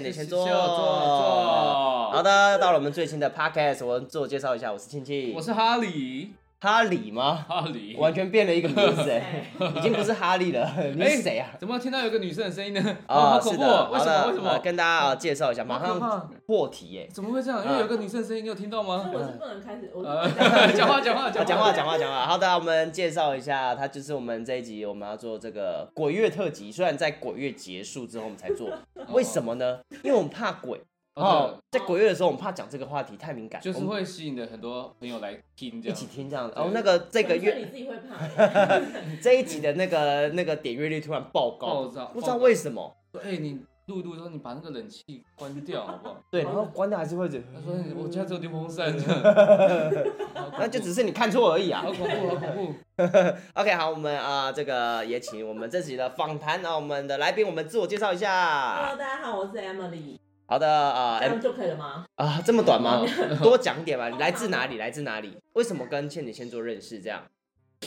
你先坐，坐坐，坐。好的，到了我們最新的 podcast，我自我介紹一下，我是慶慶，我是哈利。哈利嗎？哈利完全變了一個名字。欸， 已經不是哈利了。你是誰啊、欸？怎麼聽到有個女生的聲音呢？啊、哦，是的恐怖！為什麼？為什麼、呃？跟大家介紹一下、嗯，馬上破題耶、欸嗯嗯！怎麼會這樣？因為有個女生的聲音，你有聽到嗎？我是不能開始，我、嗯、講話講話講話講 話講話講話。好的，的我們介紹一下，她就是我們這一集我們要做這個鬼月特輯。雖然在鬼月結束之後我們才做， 為什麼呢？ 因為我們怕鬼。哦、oh，在鬼月的時候，我們怕講這個話題太敏感，就是會吸引的很多朋友來聽這樣，一起聽這樣子。然後、哦、那個這個月你自己會怕， 這一集的那個 那個點閱率突然爆高，爆炸不知道為什麼。哎、欸，你錄錄的時候你把那個冷氣關掉好不好？ 對，然、啊、後關掉還是會冷。 他說、欸、我家只有電風扇。那就只是你看錯而已啊， 好恐怖，好恐怖。 OK，好，我們啊、呃、這個也請我們這集的訪談啊，我們的來賓，我們自我介紹一下。Hello，大家好，我是 Amily。好的啊，uh, 這樣就可以了嗎？啊、uh,，這麼短嗎？ 多講點吧。來自哪裡？來自哪裡？為什麼跟倩禮先做認識？這樣。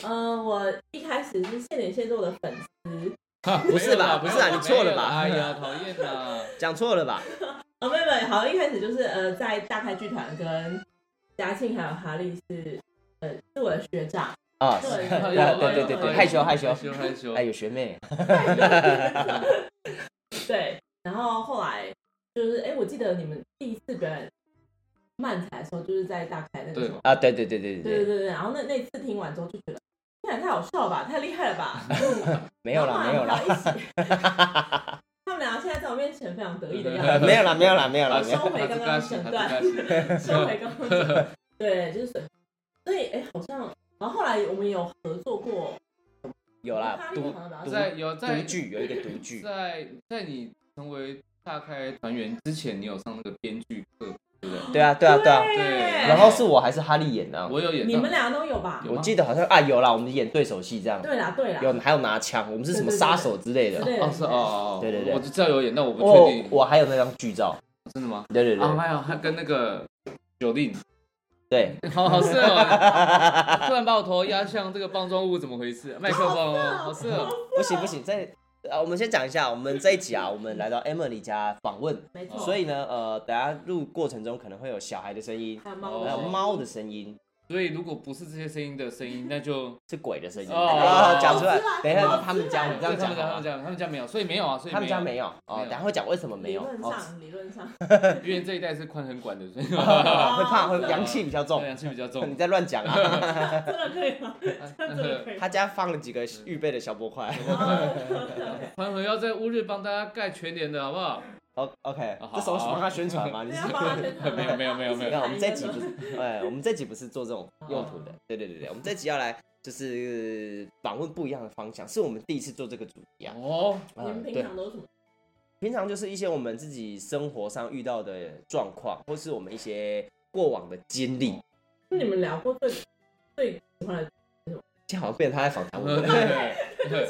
嗯、uh,，我一開始是倩禮先做的粉絲 、啊。不是吧？不是啊，你錯了,、啊、了吧？哎呀，討厭吶！講錯了吧？啊、uh,，妹妹沒有，好，一開始就是呃，uh, 在大開劇團跟嘉慶還有哈利是呃是我的學長。啊、uh,，對， 對對對對對，害羞害羞害羞害羞，還、哎、有學妹。 對，然後後來。就是哎、欸，我記得你們第一次表演漫才的時候，就是在大開那個什麼啊，對對對對對對對,對然後那那次聽完之後就覺得，太好笑了吧，太厲害了吧。沒有了，沒有了。 他們倆現在在我面前非常得意的樣子。沒有了，沒有了，沒有了。收回剛剛的片段，收回剛剛的。 對，就是所以哎、欸，好像然後後來我們有合作過。有啦。他好了，獨獨有讀劇有一個讀劇，在在你成為。大開團員之前，你有上那個編劇課，對不對？對啊，對啊，對啊，對。然後是我還是哈利演啊，我有演，你們倆都有吧？我記得好像啊，有啦。我們演對手戲這樣。對啦，對啦。有，還有拿槍，我們是什麼殺手之類的？哦，是哦，對對對。我就知道有演，但我不確定我。我還有那張劇照，真的嗎？對對對。還有，還跟那個酒令，對。好，好色哦！ 突然把我頭壓向這個棒狀物，怎麼回事、啊？麥克風、oh, 好哦，好色。不行、哦、不行，再。在啊，我們先講一下，我們這一集啊，我們來到 Amily 家訪問，沒錯，所以呢，呃，等下錄過程中可能會有小孩的聲音，還有貓，還有貓的聲音。所以如果不是這些聲音的聲音，那就 是鬼的聲音。哦，講出來，等一下他們講，這樣講，他們講，他們、啊、他們家沒有，所以沒有啊，所以、啊、他們家沒有。哦，哦等下會講為什麼沒有。理論上，哦、理論上，因為這一代是寬恆管的，所以、哦哦、會怕會陽氣比較重，陽氣、啊、比較重。你在亂講啊！ 真的可以嗎？他家放了幾個預備的小波塊。寬 恆 要在烏日幫大家蓋全聯的，好不好？O K，這時候喜歡他宣傳嗎？你是？沒有沒有沒有沒有。沒有，我們這集不是，哎， 我們這集不是做這種用途的。對對對,對,對我們這集要來就是訪問不一樣的方向，是我們第一次做這個主題啊。哦、oh. 嗯，你們平常都是什麼？平常就是一些我們自己生活上遇到的狀況，或是我們一些過往的經歷。那 你們聊過最最喜歡的就好像變成他在訪談。對，對不對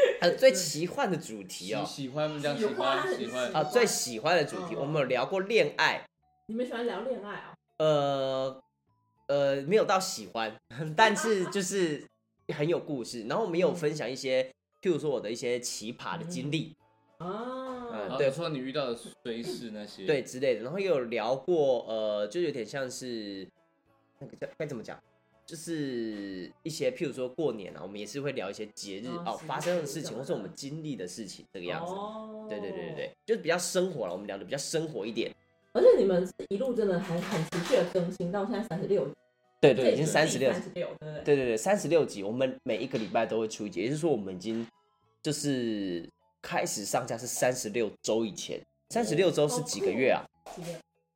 呃，最奇幻的主題哦，喜歡這樣奇幻，喜歡，喜歡，喜歡啊，最喜歡的主題。哦、我們有聊過戀愛，你們喜歡聊戀愛哦？呃，呃，沒有到喜歡，但是就是很有故事。然後我們有分享一些、嗯，譬如說我的一些奇葩的經歷、嗯、啊、啊，對，說、啊啊啊、你遇到的誰是那些對之類的，然後也有聊過，呃，就有點像是那個叫，該怎麼講？就是一些，譬如說過年啊，我們也是會聊一些節日哦，哦，發生的事情，是或是我們經歷的事情，這個樣子。對、哦、對對對對，就是比較生活了，我們聊的比較生活一點。而且你們是一路真的還很持續的更新，到現在三十六。對對，已經三十六，三十六，對對對三十六集，我們每一個禮拜都會出一集，也就是說我們已經就是開始上架是三十六周以前，三十六周是幾個月啊？哦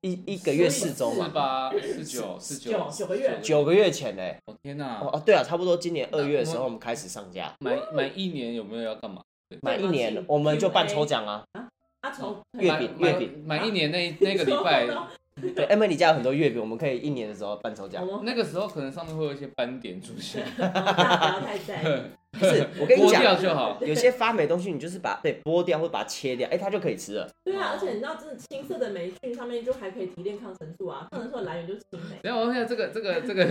一一個月四周嘛，四九四九九個月，九個月前哎！哦，天哪、啊！哦哦，對啊，差不多今年二月的時候我們開始上架。滿買，買一年有沒有要幹嘛？滿一年，一年我們就辦抽獎啊！啊，阿、啊哦、月餅月餅。滿一年、啊、那那個禮拜、啊，對，Amily，你家有很多月餅，我們可以一年的時候辦抽獎。那個時候可能上面會有一些斑點出現， 不是，我跟你講，剝掉就好，有些發霉東西，你就是把對剝掉或把它切掉，哎，它就可以吃了。對啊，而且你知道，這是青色的霉菌，上面就還可以提煉抗生素啊，抗生素的來源就是青霉。等一下，我看下這個這個這個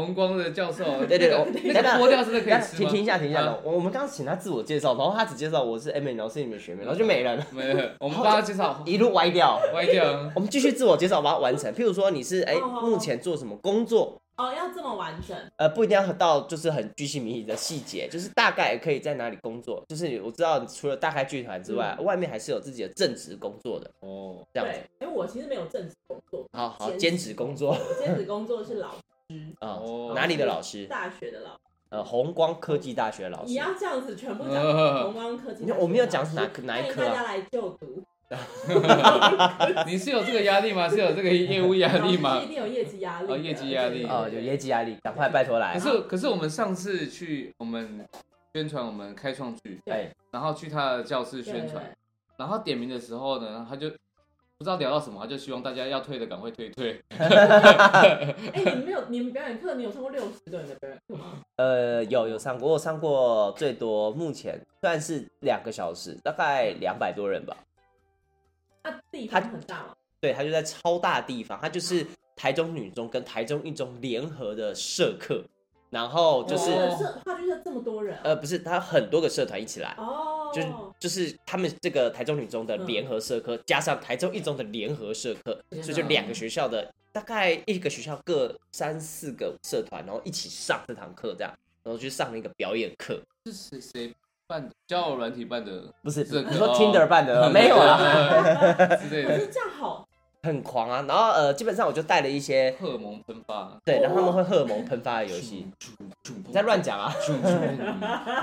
紅光的教授。 對對對，對、那個我，那個剝掉是不是可以吃？停一下，停一下。我們剛剛請他自我介紹，然後他只介紹，我是 Amily，然後是你們學妹，然後就沒了。沒了。我們幫他介紹。一路歪掉，歪掉，歪掉。我們繼續自我介紹，把它完成。譬如說，你是哎、哦哦，目前做什麼工作？哦，要這麼完整？呃，不一定要到，就是很鉅細靡遺的細節，就是大概也可以在哪裡工作，就是我知道，除了大概劇團之外，嗯，外面還是有自己的正職工作的。哦，這樣子。哎，我其實沒有正職工作，好好，兼職工作。兼職工作是老師，是老師哦。哦，哪裡的老師？大學的老師。呃，弘光科技大學老師。你要這樣子全部講弘光科技大學，嗯？我沒有講是哪哪一科，啊，大家來就讀。 你是有這個壓力嗎？是有這個業務壓力嗎？ 一定有業績壓力。哦，業績壓力哦，有業績壓力，趕快拜托來。可是可是我們上次去我們宣傳我們開創劇，哎，然後去他的教室宣傳，然後點名的時候呢，他就不知道聊到什麼，他就希望大家要退的趕快退退。哎、 欸，你們有你們表演課，你有上過六十多人的表演課嗎？呃，有有上過，我上過最多目前算是兩個小時，大概兩百多人吧。他他就很大，哦，他對他就在超大地方，他就是台中女中跟台中一中聯合的社課，然後就是話劇社這麼多人，呃，不是他很多個社團一起來，哦，就是就是他們這個台中女中的聯合社課，嗯、加上台中一中的聯合社課，哦、所以就兩個學校的大概一個學校各三四個社團，然後一起上這堂課這樣，然後去上了一個表演課。這是誰誰？辦的教軟體辦的不是，是、哦、你說 Tinder 辦的、哦、對對對，沒有啊對對對 是這樣好。很狂啊，然後呃，基本上我就帶了一些荷爾蒙噴發、啊，對，然後他們會荷爾蒙噴發的遊戲、哦。你在亂講啊！嗯、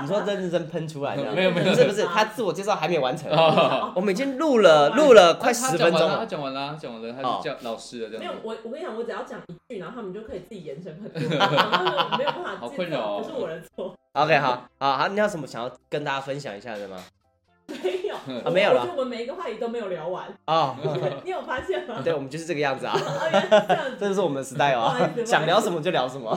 你說認真真噴出來的？沒有沒有，是不是不是，啊、他自我介紹還沒完成、哦。我們已經錄了錄、哦哦、了快十分鐘了。他講完了，講完了，他叫老師了。對，沒有我我跟你講，我只要講一句，然後他們就可以自己延伸很多， 沒有辦法，好困擾、哦，不是我的錯。 OK，好，好你有什麼想要跟大家分享一下的嗎？沒有啊，哦、沒有了。就我們每一個話題都沒有聊完啊、哦！你有發現嗎？對，我們就是這個樣子啊！ 這就是我們的時代哦。想聊什麼就聊什麼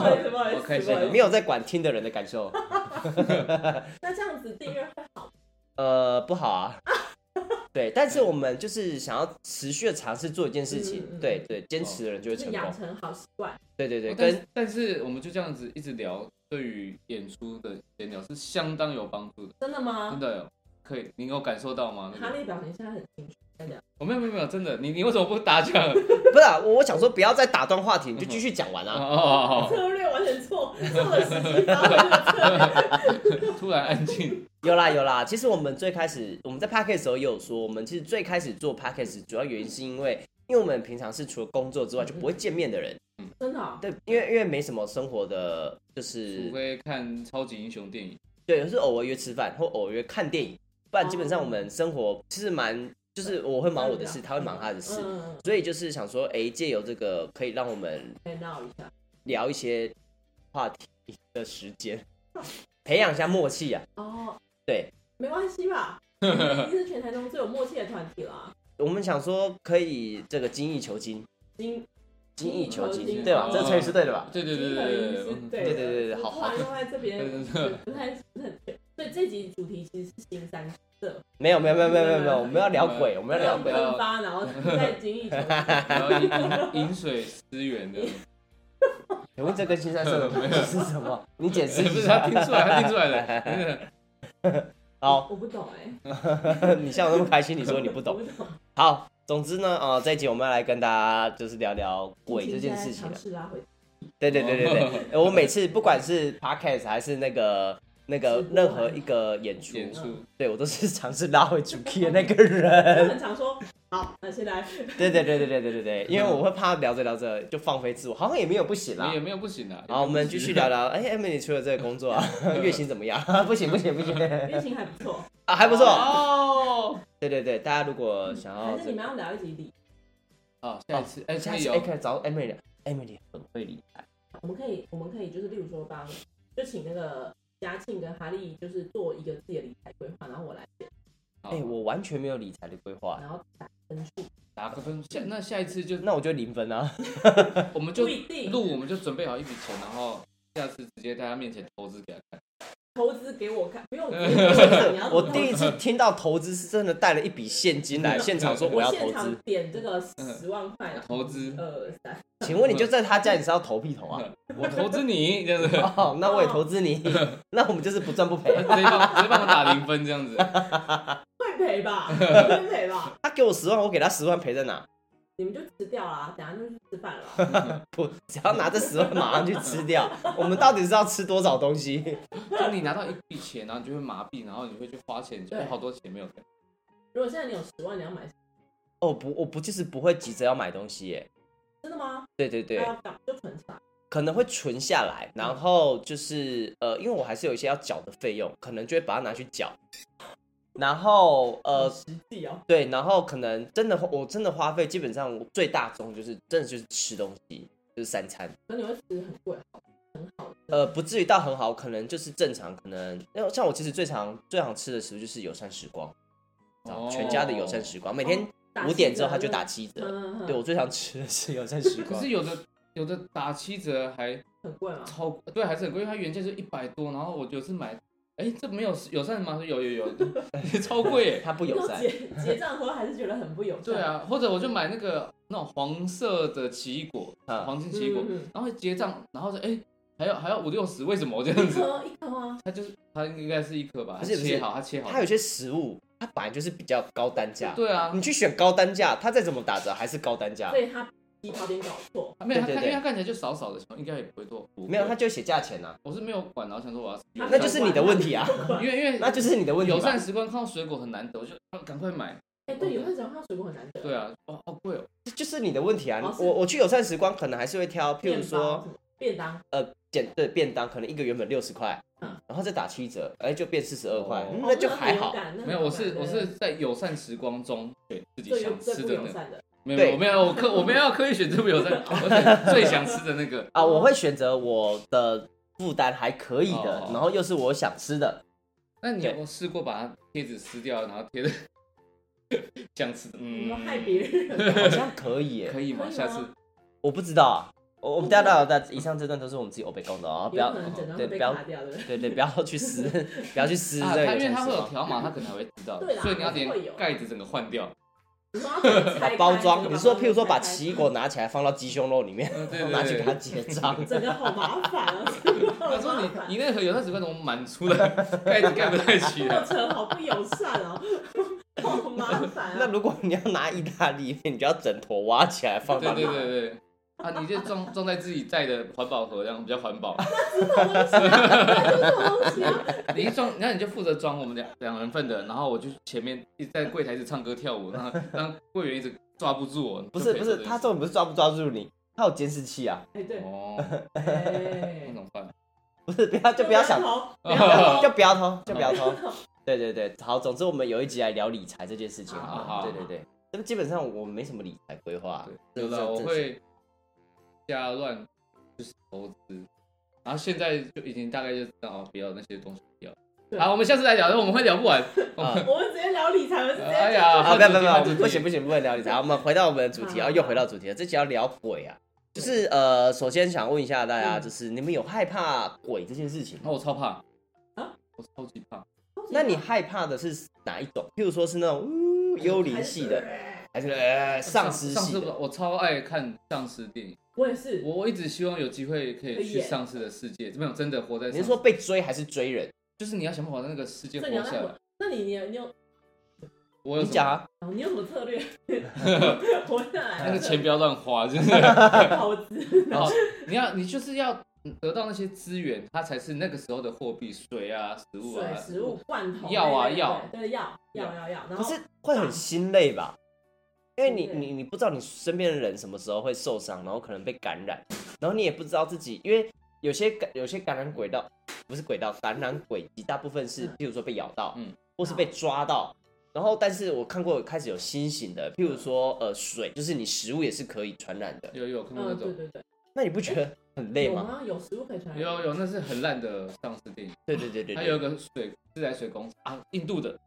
okay，沒有在管聽的人的感受。 那這樣子訂閱還好？呃，不好啊。 對，但是我們就是想要持續的嘗試做一件事情，對、 嗯嗯、對，堅、嗯、持的人就會成功，養、就是、成好習慣。對對對，哦、但跟但是我們就這樣子一直聊，對於演出的閒聊是相當有幫助的。真的嗎？真的有、哦。可以，你有感受到嗎？他那個、表情現在很清楚，在講。我沒有沒有沒有，真的，你你為什麼不打斷？ 不是，我我想說不要再打斷話題，你就繼續講完啊。哦 哦哦，策、哦哦、 略完全錯錯了八八八， 突然安靜。有啦有啦，其實我們最開始我們在 podcast 時候也有說，我們其實最開始做 podcast 主要原因是因為，因為我們平常是除了工作之外就不會見面的人，嗯，真的、哦。對，因為因為沒什麼生活的，就是除非看超級英雄電影，對，有、就、時、是、偶爾約吃飯或偶爾約看電影。但基本上我們生活其實蠻，就是我會忙我的事，嗯、他會忙他的事、嗯，所以就是想說，哎、欸，借由這個可以讓我們鬧一下，聊一些話題的時間、嗯，培養一下默契啊。哦，對，沒關係吧？你是全台中最有默契的團體了、啊。我們想說可以這個精益求精，精精益，精，精益求精，對吧？這才是對的吧？對對對對對對對，對，對，對，對，對，對，對，對，好話用在這邊不太合適。所以這集主題其實是新三色，沒有沒有沒有沒有沒有，沒有，我們要聊鬼，我們要聊鬼。然後在經歷什麼？ 飲水思源的。你 問、欸、 這個新三色的是，是什麼？你解釋。不是他聽出來， 他聽出來了。來 好我，我不懂哎、欸。 你像我那麼開心，你說你不懂。不懂好，總之呢，啊、呃，這一集我們要來跟大家就是聊聊鬼這件事情了。嘗試拉回對對對對對， 我每次不管是 Podcast 還是那個。那個任何一個演出，演出，對我都是嘗試拉回主題的那個人。 我很常說，好，那現在對對對對對對對對，因為我會怕聊着聊着就放飛自我，好像也沒有不行啦，也沒有不行的、啊。好，我們繼續聊聊，哎、欸、，Amily 除了這個工作， 月薪怎麼樣？ 不行不行不行，月薪還不錯 啊，還不錯。哦、oh. 對對對，大家如果想要，還是你們要聊一聊禮哦，下一次哎加油，可以找 Amily，Amily 很、欸、會理財。我、欸、們可以我們可以就是例如說幫，就請那個。嘉慶跟哈利就是做一個自己的理財規劃，然後我來。哎、欸，我完全沒有理財的規劃。然後打分數，打個分數。下那下一次就那我就零分啊。 我們就錄，我們就準備好一筆錢，然後下次直接在他面前投資給他看。投資給我看，不用。不用不用不用不用。 我第一次聽到投資是真的帶了一筆現金來、嗯、現場說我要投資。現場點這個十萬塊投資。二三，請問你就在他家，你是要投屁投啊？ 我投資你，這樣子。哦、oh，那我也投資你， 那我們就是不賺不賠。直接幫他打零分這樣子。會 賠吧？會賠吧？ 他給我十萬，我給他十萬，賠在哪？你們就吃掉啦，等下就去吃飯了。 不，只要拿這十萬馬上去吃掉。 我們到底是要吃多少東西？當你拿到一筆錢、啊，然後你就會麻痹，然後你會去花錢，就好多錢沒有。如果現在你有十萬，你要買什麼？哦不，我不就是不會急着要買東西耶？真的嗎？對對對，啊、就存下。可能會存下來，然後就是、嗯、呃，因為我還是有一些要繳的費用，可能就會把它拿去繳。然後呃實、哦，對，然後可能真的，我真的花費基本上我最大宗就是真的就是吃東西，就是三餐。那你會吃很貴，很好？呃，不至於到很好，可能就是正常，可能因為像我其實最常最常吃的食物就是友善時光。oh. 全家的友善時光，每天五點之後他就打七折。Oh, oh, oh. 對，我最常吃的是友善時光。 可是有的有的打七折還很貴啊，超貴。對還是很貴，因為它原價就一百多，然後我就是買。哎，這沒有友善嗎？有有有，超貴耶！它 不友有善。結賬時候還是覺得很不友善。對啊，或者我就買那個那種黃色的奇異果、嗯，黃金奇異果、嗯，然後結賬，然後說哎，還要還要五六十，為什麼我這樣子？一顆，一顆啊？它就是它應該是一顆吧？它切好，它切好。它有些食物，它本來就是比較高單價。對啊，你去選高單價，它再怎麼打折還是高單價。所以它。差點搞錯，沒有，他對對對，因為他看起來就少少的，時候，應該也不會多。沒有，他就寫價錢吶、啊。我是沒有管，然後想說我要。那就是你的問題啊，因為因為那就是你的問題。友善時光看到水果很難得，我就趕快買。哎、欸，對，友善時光看到水果很難得。對啊，哦，好貴哦，這就是你的問題啊。哦、我我去友善時光，可能還是會挑，譬如說便當，呃，簡對便當，可能一個原本六十塊，嗯，然後再打七折，哎、欸，就變四十二塊，那就還好。沒有，我是我是在友善時光中對自己想的吃的、那個。沒有，我沒有，我刻我沒有刻意選擇沒有在我最想吃的那個啊，我會選擇我的負擔還可以的哦哦，然後又是我想吃的。那你有沒有試過把它貼紙撕掉，然後貼 的這樣子，我、嗯、害別人好像可以，耶 可以，可以嗎？ 下次我不知道，我，我不知道，但以上這段都是我們自己黑白講的啊。不要對、對、對，不要去撕， 不要去撕這個、啊，因為它會有條碼，它 可能還會知道，對啦，所以你要連蓋子整個換掉。啊、包裝，你說，譬如說把奇異果拿起來放到雞胸肉裡面，啊、對對對，然後，拿去給他結賬，真的好麻煩啊！我 麻煩 說你，你那盒有三十塊，怎麼滿出來蓋子蓋不上去，啊，過程好不友善哦，啊， 好麻煩，啊。那如果你要拿意大利麵，你就要整坨挖起來放到對對、對、對啊！你就裝裝在自己帶的環保盒，這樣比較環保。 是啊、 你一裝，那你就負責裝我們兩兩人份的人，然後我就前面一直在櫃檯一直唱歌跳舞，然後讓櫃員一直抓不住我。 不是不是，他重點不是抓不抓住你，他有監視器啊。欸、對對哦，欸、 那怎麼辦？不是，不要就不要想，就不要偷、哦，就不要偷。哦要要嗯、 對對對，好，總之我們有一集來聊理財這件事情啊。對對對，那、啊、麼基本上我沒什麼理財規劃。對對我會。瞎亂就是投資，然後現在就已經大概就知道、哦、不要那些東西了。好，我們下次再聊，因為我們會聊不完。呃、 我們直接聊理財，了、呃、哎呀，好不要不要不行不行不行，不能聊理財。我們回到我們的主題，然後又回到主題了。這期要聊鬼啊，就是呃，首先想問一下大家，就是、嗯、你們有害怕鬼這件事情嗎？那、哦、我超怕啊，我超級，超級怕。那你害怕的是哪一種？譬如說是那種、呃、幽靈系的，還是喪屍系？喪屍，我超愛看喪屍電影。我也是，我一直希望有機會可以去上市的世界，麼、yeah. 有真的活在。你是說被追還是追人？就是你要想辦法在那個世界活下來。你那你你你有？我有你講啊、哦？你有什麼策略 活下來？那個錢不要亂花，真的。投 資。 你要你就是要得到那些資源，它才是那個時候的貨幣。水啊，食物啊，水食物罐頭藥啊、對藥，對藥，藥藥藥藥藥。可是會很心累吧？因為你你你不知道你身邊的人什麼時候會受傷，然後可能被感染，然後你也不知道自己，因為有些感有些感染軌道不是軌道，感染軌跡大部分是，譬如說被咬到，嗯，或是被抓到，啊、然後但是我看過我開始有新型的，譬如說呃水，就是你食物也是可以傳染的，有有看過那種、嗯，對對對。那你不覺得很累嗎？欸、有嗎？有食物可以傳染，有有那是很爛的喪屍電影，對對對對，對,對，還有一個水自來水公司啊，印度的。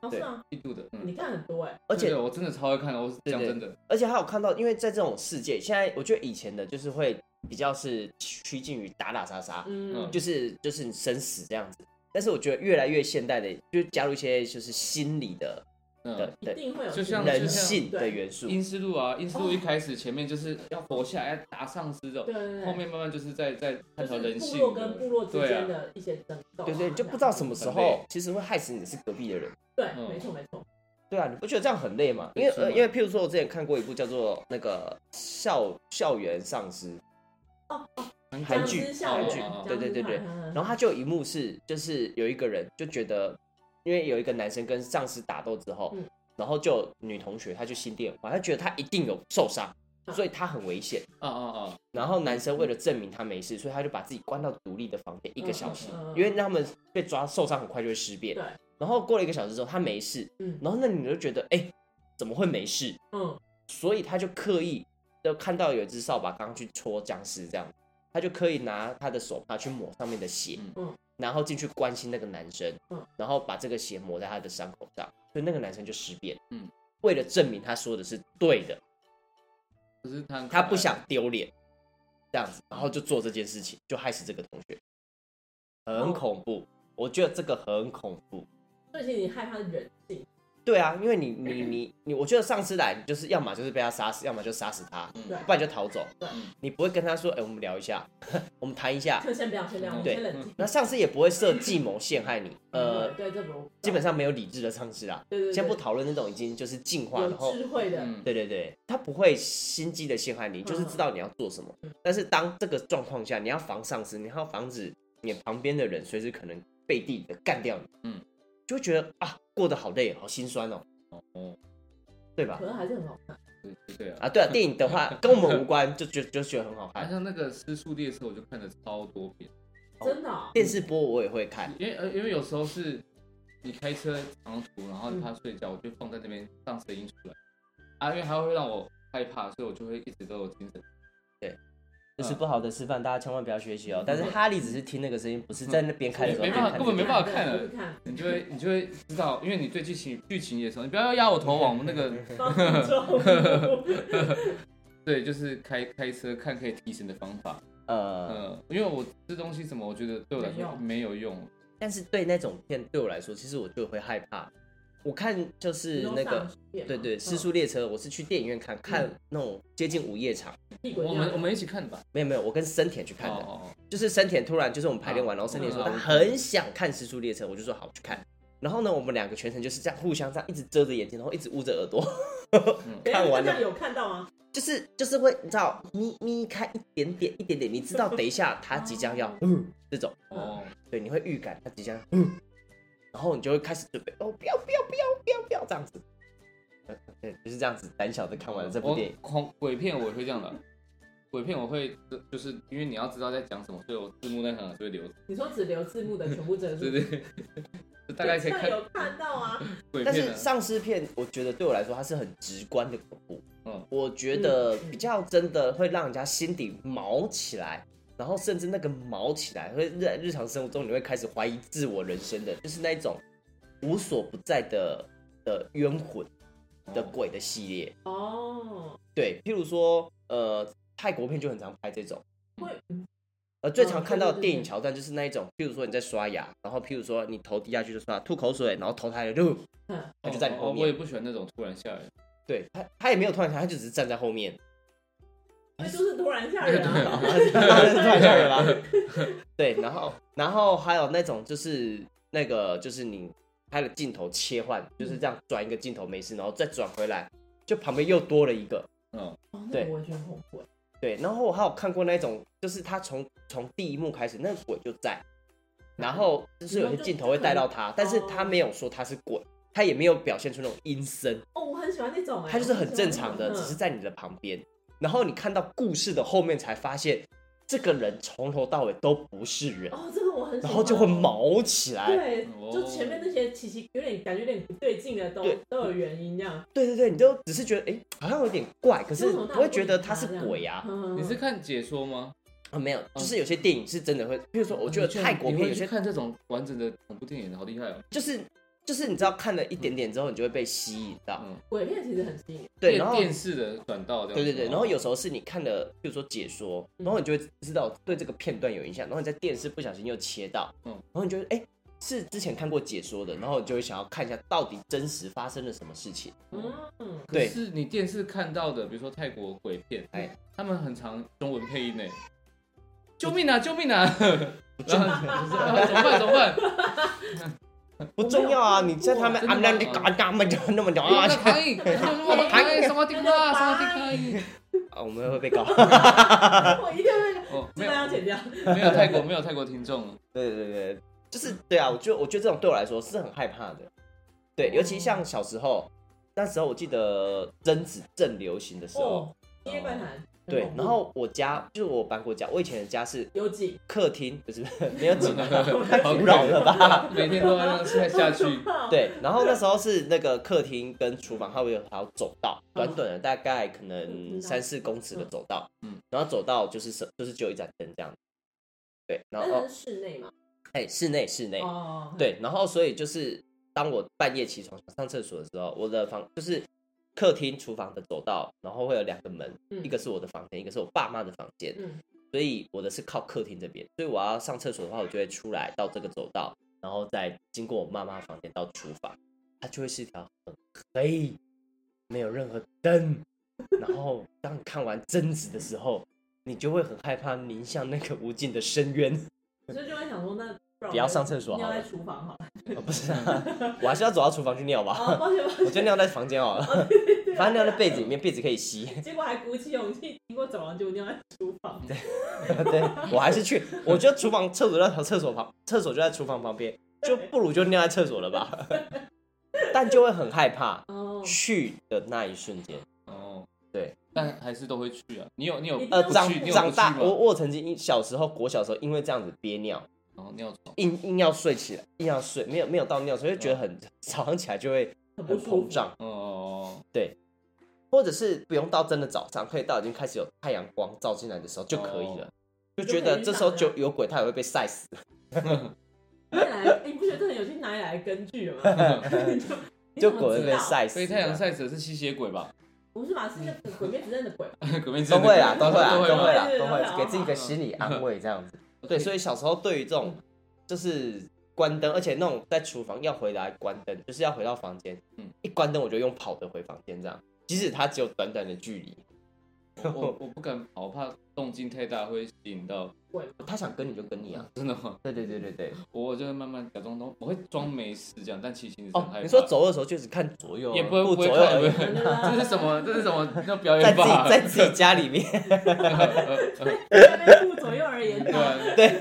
啊，是啊，異度的，嗯，你看很多哎，欸，而且我真的超愛看的，我是講真的，對對對，而且還有看到，因為在這種世界，現在我覺得以前的就是會比較是趨近於打打殺殺，嗯，就是就是生死這樣子，但是我覺得越來越現代的，就加入一些就是心理的。嗯，一定會有人性的元素。陰屍路啊，陰屍路、啊 oh. 一開始前面就是要活下來，oh. 要打喪屍這種，後面慢慢就是在在，探討人性。就是、部落跟部落之間的一些爭鬥、啊。對,對對，就不知道什麼時候對對，其實會害死你是隔壁的人。對，嗯、沒錯沒錯。對啊，你不覺得這樣很累嗎？因為呃，因為譬如說，我之前看過一部叫做那個校校園喪屍，哦、oh. 哦、oh.，韓劇，韓、嗯、劇、嗯，對對對對,對呵呵。然後他就有一幕是，就是有一個人就覺得。因為有一個男生跟喪屍打鬥之後，嗯、然後就女同學她就心電話，她覺得她一定有受傷，所以她很危險啊啊啊！然後男生為了證明他沒事，所以他就把自己關到獨立的房間一個小時，嗯、因為他們被抓受傷很快就會屍變。對，然後過了一個小時之後他沒事，嗯，然後那女的就覺得哎怎麼會沒事？嗯，所以他就刻意就看到有一隻掃把剛剛去戳僵屍這樣。他就可以拿他的手帕去抹上面的血，嗯，然後進去關心那個男生，嗯、然後把這個血抹在他的傷口上，所以那個男生就屍變，嗯，為了證明他說的是對的，他，不想丟臉，嗯，這樣子，然後就做這件事情，就害死這個同學，很恐怖，嗯、我覺得這個很恐怖，而且你害怕人性。對啊，因為你、你、你、你，你你我覺得喪屍來，你就是要麼就是被他殺死，要麼就殺死他，不然就逃走。對，你不會跟他說，哎、欸，我們聊一下， 我們談一下先。先不要，我先冷靜。那喪屍也不會設計謀陷害你， 呃、嗯，對，對，這種基本上沒有理智的喪屍啦。對對對，先不討論那種已經就是進化有智慧的、嗯。對對對，他不會心機的陷害你，就是知道你要做什麼。呵呵但是當這個狀況下，你要防喪屍，你要防止你旁邊的人隨時可能背地的幹掉你。嗯。就覺得啊，過得好累，好心酸哦，哦，對吧？可能還是很好看，對對對啊，啊，對啊，電影的話跟我們無關， 就覺就覺得很好看。像那個《失速列車》，我就看了超多遍，哦，真的，哦嗯。電視播我也會看，嗯、因為呃，因為有時候是你開車長途，然後他睡覺，嗯，我就放在那邊放聲音出來啊，因為它會讓我害怕，所以我就會一直都有精神。這是不好的示範，大家千萬不要學習哦。但是哈利只是聽那個聲音，不是在那邊看的時候。嗯、沒辦法、啊，根本沒辦法看了、啊看。你就會，你就會知道，因為你對劇情劇情也熟。你不要壓我頭往，往、嗯、那個。嗯嗯嗯嗯、 方舟 對，就是開開車看可以提神的方法。呃嗯，因為我吃東西什麼，我覺得對我來說沒有用。用但是對那種片對我來說，其實我就會害怕。我看就是那個，對對《屍、哦、速列車》，我是去電影院看、嗯，看那種接近午夜場。我們我們一起看的吧？沒有沒有，我跟森田去看的、哦。就是森田突然就是我們排練完、哦，然後森田說他、嗯、很想看《屍速列車》，嗯，我就說好去看、嗯。然後呢，我們兩個全程就是這樣互相這樣一直遮着眼睛，然後一直捂着耳朵、 嗯、看完了。欸、這樣有看到嗎？就是就是會你知道咪咪開一點點一點點，你知道等一下他即將要 嗯，這種哦對，你會預感他即將嗯。然後你就會開始準備哦，不要不要不要不要不要，不要這樣子，對， 就是這樣子，膽小的看完了這部電影，哦鬼，片也啊、 鬼片我也會這樣的，鬼片我會就是因為你要知道在講什麼，所以我字幕那場就會留。你說只留字幕的， 全部真的是？對。 大概可以看有看到啊。 鬼片啊，但是喪屍片，我覺得對我來說，它是很直觀的恐怖，嗯，我覺得比較真的會讓人家心底毛起來。然後甚至那個毛起來會在日、日常生活中，你會開始懷疑自我人生的，就是那一種無所不在的的冤魂的鬼的系列哦。Oh. Oh. 對，譬如說，呃，泰國片就很常拍這種。會。呃，最常看到的電影橋段就是那一種、oh, 對對對，譬如說你在刷牙，然後譬如說你頭低下去就刷，吐口水，然後頭抬了，嗚，他就在你後面。Oh, oh, oh, 我也不喜歡那種突然嚇人。對他，他也沒有突然嚇，他就只是站在後面。是就是突然嚇人啊！突然突然嚇人啊。對，然後然後還有那種就是那個就是你拍的鏡頭切換，就是這樣轉一個鏡頭沒事，然後再轉回來，就旁邊又多了一個。嗯，對，完全我鬼。對，然後我還有看過那種，就是他從從第一幕開始那個鬼就在，然後就是有些鏡頭會帶到他，但是他沒有說他是鬼，他也沒有表現出那種陰森。哦，我很喜歡那種，他就是很正常的，只是在你的旁邊。然後你看到故事的後面才發現，這個人從頭到尾都不是人哦，這個我很。然後就會毛起來，對，就前面那些其實有點感覺有點不對勁的東西，都有原因這樣。對對對，你就只是覺得哎，好像有點怪，可是不會覺得他是鬼呀、啊。你是看解說嗎？啊，沒有，就是有些電影是真的會，譬如說我覺得泰國片有些看這種完整的恐怖電影，好厲害哦，就是。就是你知道看了一點點之後，你就會被吸引到，嗯。鬼片其實很吸引。對，然後電視的轉到這樣。對對對，然後有時候是你看了，比如說解說，然後你就會知道對這個片段有印象，然後你在電視不小心又切到，嗯，然後你就哎，欸、是之前看過解說的，然後你就會想要看一下到底真實發生了什麼事情。嗯對，可是你電視看到的，比如說泰國鬼片，哎，他們很常中文配音呢。救命啊！救命啊！怎麼？怎麼辦？怎麼辦？不重要啊！你在他們啊那那們我們會被搞， 我一定會、哦，沒沒，沒有泰國，沒有泰國聽眾。 對，對對對，就是對啊，我覺得我覺得這種對我來說是很害怕的。對，尤其像小時候，那時候我記得貞子正流行的時候。哦對、哦，然後我家就是我搬過家，我以前的家是有幾，客廳就是沒有幾，太吵了吧？每 okay, 天都要讓菜下去。 對，然後那時候是那個客廳跟廚房它會 有條走道，短短的大概可能三四公尺的走道， 嗯，然後走道就是什就是就一盞燈這樣，對，然後是是室內嘛，哎，室內室內 哦，對哦，然後所以就是當我半夜起床上廁所的時候，我的房就是。客廳、廚房的走道，然後會有兩個門，嗯，一個是我的房間，一個是我爸媽的房間，嗯。所以我的是靠客廳這邊，所以我要上廁所的話，我就會出來到這個走道，然後再經過我媽媽房間到廚房，它就會是一條很黑，沒有任何燈。然後當你看完貞子的時候， 你就會很害怕凝向那個無盡的深淵。所以就會想說那。不要上廁所了，尿在廚房好、哦、不是、啊、我還是要走到廚房去尿吧、哦。我就尿在房間好了、哦，反正尿在被子裡面，被子，裡面被子可以吸。結果還鼓起勇氣，經過走廊就尿在廚房。對，對，我還是去。我覺得廚房廁所那條廁所旁，廁所就在廚房旁邊，就不如就尿在廁所了吧。但就會很害怕去的那一瞬間。哦，對，但還是都會去啊。你有你有呃長有長大，我我曾經小時候，我小時候因為這樣子憋尿。然後尿床，硬硬要睡起來，硬要睡，沒有沒有到尿床就覺得很早上起來就會很膨脹哦哦對，或者是不用到真的早上，可以到已經開始有太陽光照進來的時候就可以了，哦、就覺得這時候就有鬼，它也會被曬死了。原 也來 你不是覺得這很有去哪裡來的根據嗎？ 就,就鬼被曬死，被太陽曬死是吸血鬼吧？ 不是吧？是一個鬼滅之刃的鬼， 鬼滅之刃。都會啊，都會啊， 都會啊，都會、啊，的都會啊的都會啊、的給自己一個心理安慰這樣子。 對，所以小時候對於這種，就是關燈，而且那種在廚房要回來關燈，就是要回到房間，嗯，一關燈我就用跑的回房間這樣，即使它只有短短的距離。我我不敢跑，我怕動靜太大會吸引到。他想跟你就跟你啊，真的嗎？對對對對對，我就會慢慢假裝裝，我會裝沒事這樣，但其實、哦、你說走的時候就只看左右，也不顧左右，這是什麼？這是什麼？在自己在自己家裡面，顧左右而言 對對。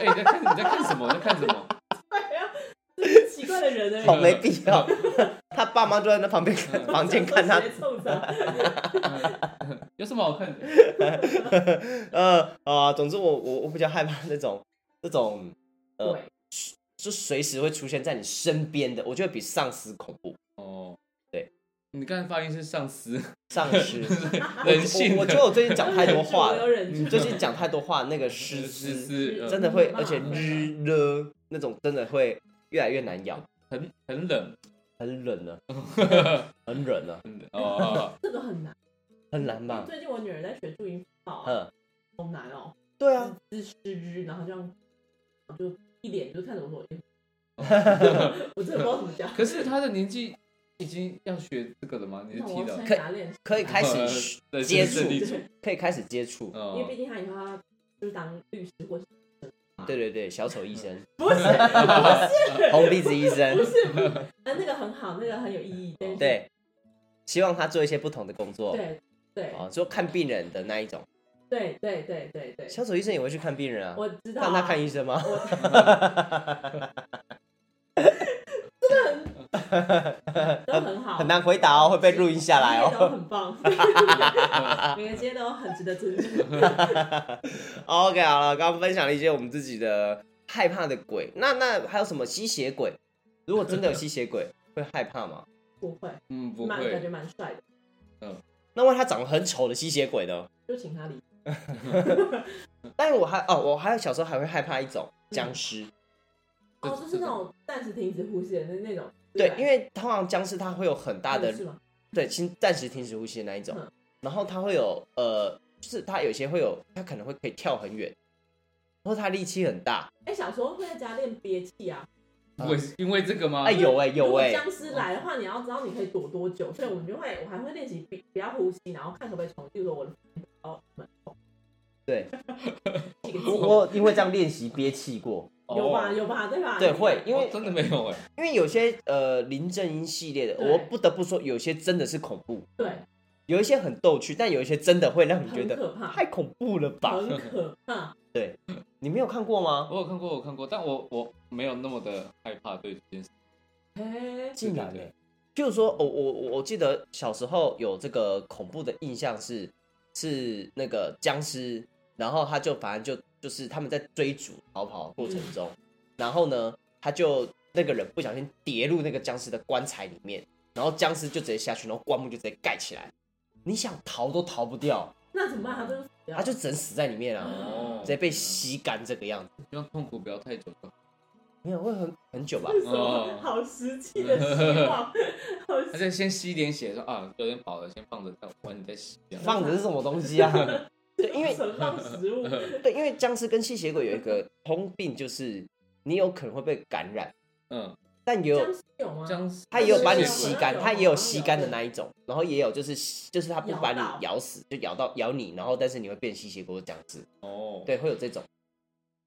你在看你在看什麼？你在看什麼？在看什麼？好沒必要， 他爸媽就在那旁邊房間看他，嗯啊、 有什麼好看的？ 嗯、呃啊，總之我我我比較害怕那種那種呃，是隨時會出現在你身邊的，我覺得比喪屍恐怖。哦，對，你剛才發音是喪屍喪屍 人性。我覺得我最近講太多話了， 你最近講太多話，那個“是字真的會，而且“日、呃、了、呃”那種真的會。越來越難咬，嗯、很很冷，很冷了， 很冷了，哦、欸，這個很難，很難吧？嗯、最近我女兒在學注音法、啊，嗯，好難哦。對啊，支是支，然後這樣，就一臉就看着我說， 我哈哈不知道怎麼講？ 可是她的年紀已經要學這個了嗎？你就提可可以開始呵呵接觸、就是，可以開始接觸，因為畢竟她以後她就是當律師或是。 對對對，小丑醫生 不是，不是紅鼻子醫生不是，呃，那，那個很好，那個很有意義，對對，對，希望他做一些不同的工作，對對，哦，做看病人的那一種，對對對對對，小丑醫生也會去看病人啊，我知道、啊，讓他看醫生嗎？ 真的很。 都很好，很難回答哦，會被錄音下來哦。 都很棒， 每個節都很值得尊重。 OK，好了，剛剛分享了一些我們自己的害怕的鬼，那那還有什麼吸血鬼，如吸血鬼，嗯？如果真的有吸血鬼，會害怕嗎？不會，嗯，不會，感覺蠻帥的。嗯，那萬一他長得很醜的吸血鬼呢？就請他離開 但我還哦，我還有小時候還會害怕一種殭屍。嗯、哦，就是那種暫時停止呼吸的那那種。對，因為通常僵屍它會有很大的，對，先暫時停止呼吸的那一種，嗯、然後它會有呃，就是它有些會有，它可能會可以跳很遠，然後它力氣很大。哎，小時候會在家練憋氣啊？不、呃、會因為這個嗎？哎，有哎、欸、有哎、欸，僵屍來的話，你要知道你可以躲多久，所以我們就會我還會練習憋不要呼吸，然後看可不可以從，比如說我的門縫。對 我，我因為這樣練習憋氣過。Oh. 有吧有吧，對吧？對，會，因為、oh, 真的沒有哎、欸，因為有些呃林正英系列的，我不得不說，有些真的是恐怖。對，有一些很逗趣，但有一些真的會讓你覺得很可怕，太恐怖了吧？很可怕。對，你沒有看過嗎？我有看過，我看過，但我我沒有那麼的害怕對這件事。哎， 進來了。就是說，我我我記得小時候有這個恐怖的印象是是那個殭屍，然後他就反正就。就是他們在追逐逃跑的過程中、嗯，然後呢，他就那個人不小心跌入那個僵屍的棺材裡面，然後僵屍就直接下去，然後棺木就直接蓋起來，你想逃都逃不掉。那怎麼辦？他就死他就死在裡面了、啊哦，直接被吸乾這個樣子，希望痛苦不要太久吧。沒有，會很很久吧？好實際的希望。哦、 他就先吸一點血，說 啊，有點飽了，先放着，再晚你再吸。放着是什麼東西啊？ 對，因為什麼？當食物。對，因為僵屍跟吸血鬼有一個通病，就是你有可能會被感染。嗯，但有僵屍有嗎僵屍，他也有把你吸乾它吸，它也有吸乾的那一種，然後也有就是就是他不把你咬死，咬就咬到咬你，然後但是你會變吸血鬼的僵屍。哦，對，會有這種。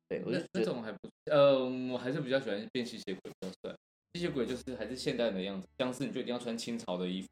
對，我覺得這種還不。呃，我還是比較喜歡變吸血鬼，對，比較帥，吸血鬼就是還是現代人的樣子，僵屍你就一定要穿清朝的衣服。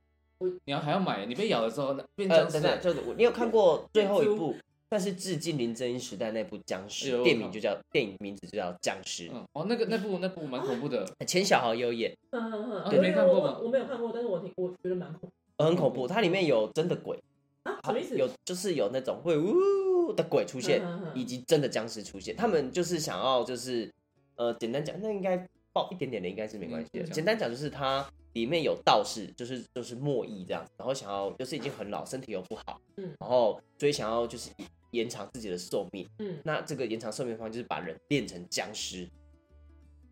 你要還要買？你被咬的時候了，那呃等等，就是你有看過最後一部算是致敬林正英時代那部殭屍電影，哎、就叫電影名，名字就叫殭屍，嗯。哦，那個那部那部蠻恐怖的，錢小豪有演。嗯嗯嗯，對，啊，沒看過嗎我我？我沒有看過，但是我聽我覺得蠻恐怖，很恐怖。它裡面有真的鬼啊，什麼意思？有就是有那種會嗚的鬼出現，以及真的僵屍出現，他們就是想要就是呃，簡單講，那應該爆一點點的應該是沒關係的、嗯。簡單講就是他。裡面有道士，就是就是莫弈這樣，然後想要就是已經很老，身體又不好，嗯，然後所以想要就是延長自己的壽命，嗯，那這個延長壽命方就是把人變成僵屍，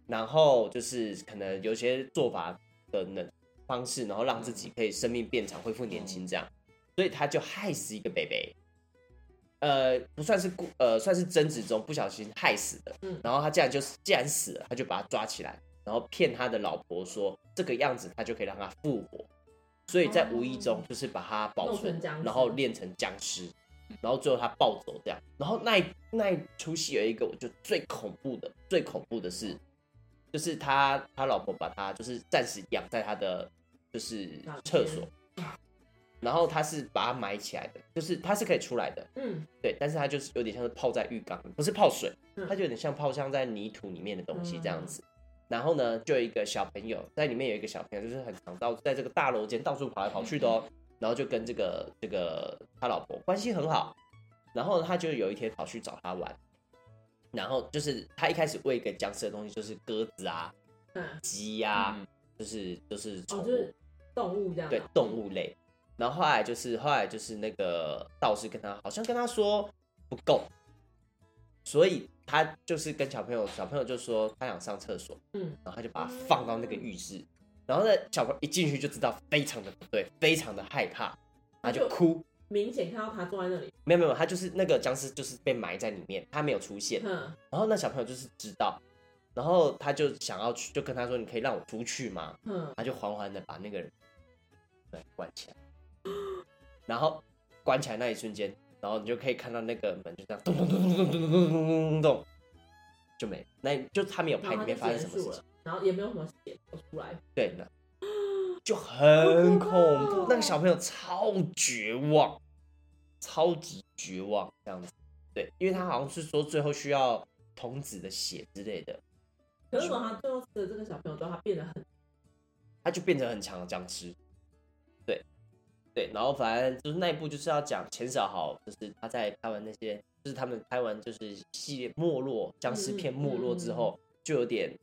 然後就是可能有些做法的能方式，然後讓自己可以生命變長，恢復年輕這樣，所以他就害死一個北北，呃，不算是故，呃，算是爭執中不小心害死的，嗯，然後他既然就是既然死了，他就把他抓起來。然後騙他的老婆說這個樣子他就可以讓他復活，所以在無意中就是把他保存，哦嗯、然後練成僵屍，嗯、然後最後他暴走這樣。然後那一那一出戲有一個我覺得最恐怖的，最恐怖的是，就是他他老婆把他就是暫時養在他的就是廁所，然後他是把他埋起來的，就是他是可以出來的，嗯，對，但是他就是有點像是泡在浴缸，不是泡水，嗯、他就有點像泡箱在泥土裡面的東西這樣子。嗯然後呢，就有一個小朋友在裡面，有一個小朋友就是很常到在這個大樓間到處跑來跑去的哦。嗯嗯，然後就跟這個這個他老婆關係很好，然後呢，他就有一天跑去找他玩，然後就是他一開始餵給僵屍的東西就是鴿子啊、嗯、雞呀、啊，就是就是寵物、哦就是、動物這樣對，動物類。然後後來就是後來就是那個道士跟他好像跟他說不夠。所以他就是跟小朋友，小朋友就說他想上廁所，嗯，然後他就把他放到那個浴室，嗯、然後呢，小朋友一進去就知道非常的不對，非常的害怕，他就哭。明顯看到他坐在那裡，沒有沒有，他就是那個僵屍，就是被埋在裡面，他沒有出現。嗯，然後那小朋友就是知道，然後他就想要去，就跟他說：“你可以讓我出去嗎？”嗯，他就緩緩的把那個人對關起來，然後關起來那一瞬間。然後你就可以看到那個門就這樣咚咚咚咚咚咚咚咚咚咚就沒，那就他沒有拍裡面發生什麼事情，然後，off, 然後也沒有什麼血出來，對，那就很恐怖，啊，那個小朋友超絕望，超級絕望這樣子，對，因為他好像是說最後需要童子的血之類的，可是等他最後吃了這個小朋友之後他變得很，他就變成很強的僵屍。對，然後反正就是那一部就是要講錢小豪，就是他在拍完那些，就是他們拍完就是系列沒落，僵屍片沒落之後，就有點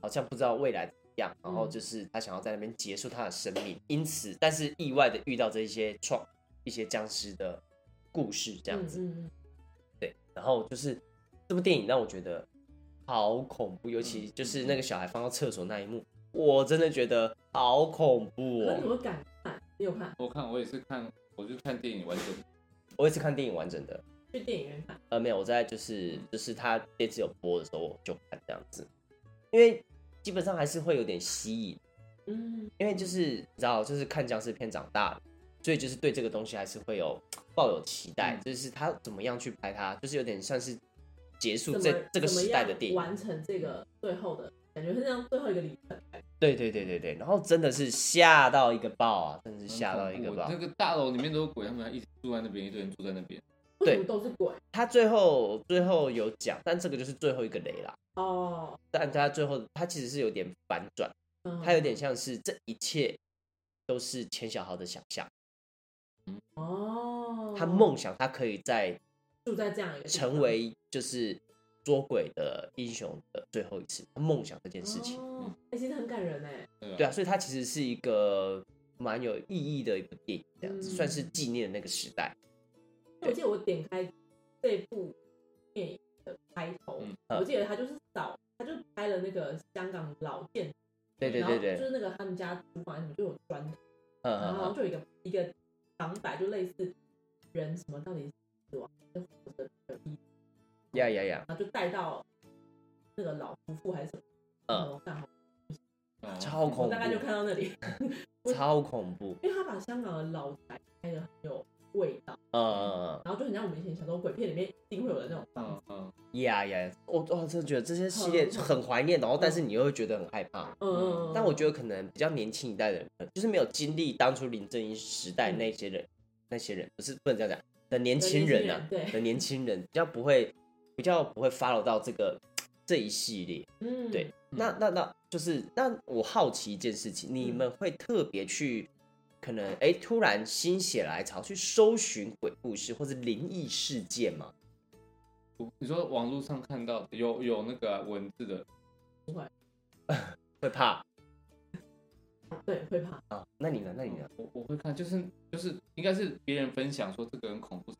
好像不知道未來怎樣，然後就是他想要在那邊結束他的生命，因此但是意外的遇到這些創一些僵屍的故事這樣子，對，然後就是這部電影讓我覺得好恐怖，尤其就是那個小孩放到廁所那一幕，我真的覺得好恐怖哦。我感。我我看，我看，我也是看，我是看電影完整的，我也是看電影完整的，去電影院看。呃，沒有，我在就是就是他這次有播的時候我就看這樣子，因為基本上還是會有點吸引，嗯，因為就是你知道就是看僵屍片長大所以就是對這個東西還是會有抱有期待，嗯、就是他怎麼樣去拍它，就是有點像是結束這這個時代的電影，完成這個最後的感覺是這樣，最後一個里程。對對對對對，然後真的是嚇到一個爆啊！真的是嚇到一個爆！那個大樓裡面都是鬼，他們還一直住在那邊，一堆人住在那邊，對，都是鬼。他最後最後有講，但這個就是最後一個雷啦哦。Oh. 但他最後他其實是有點反轉，oh. 他有點像是這一切都是錢小豪的想象。哦、oh.，他夢想他可以在住在這樣一個成為就是。捉鬼的英雄的最後一次他夢想這件事情，哎、哦嗯欸，其實很感人哎、欸。對啊，所以他其實是一個蠻有意義的一部電影，這樣子、嗯、算是紀念的那個時代、嗯。我記得我點開這部電影的開頭，嗯、我記得他就是找，他就拍了那個香港老店。對對對對，就是那個他們家廚房就有磚頭，嗯，然後就有一個、嗯、就有一個長板，嗯、就類似人什麼到底死亡是活着有意呀呀呀！啊，就帶到那個老夫婦還是什麼？嗯，超恐怖，我大概就看到那裡，超恐怖。 因為他把香港的老宅拍的很有味道，嗯嗯，然後就很像我們以前小時候鬼片裡面一定會有的那種房子，嗯嗯，呀、嗯、呀，我、yeah, 哇、yeah, yeah. oh, oh，真的覺得這些系列很懷念很，然後但是你又會覺得很害怕。嗯嗯，但我覺得可能比較年輕一代的人，就是沒有經歷當初林正英時代那些人，嗯、那些人不是不能這樣講的，年輕人啊的年輕人，對，的年輕人比較不會。比較不會 follow 到這個這一系列，嗯，對，嗯、那那那就是那我好奇一件事情，嗯、你們會特別去可能哎、欸、突然心血來潮去搜尋鬼故事或者靈異事件嗎？你說網絡上看到有有那個、啊、文字的，不會， 會怕，對，會怕啊？那你呢？那你呢？我我會看，就是就是應該是別人分享說這個很恐怖。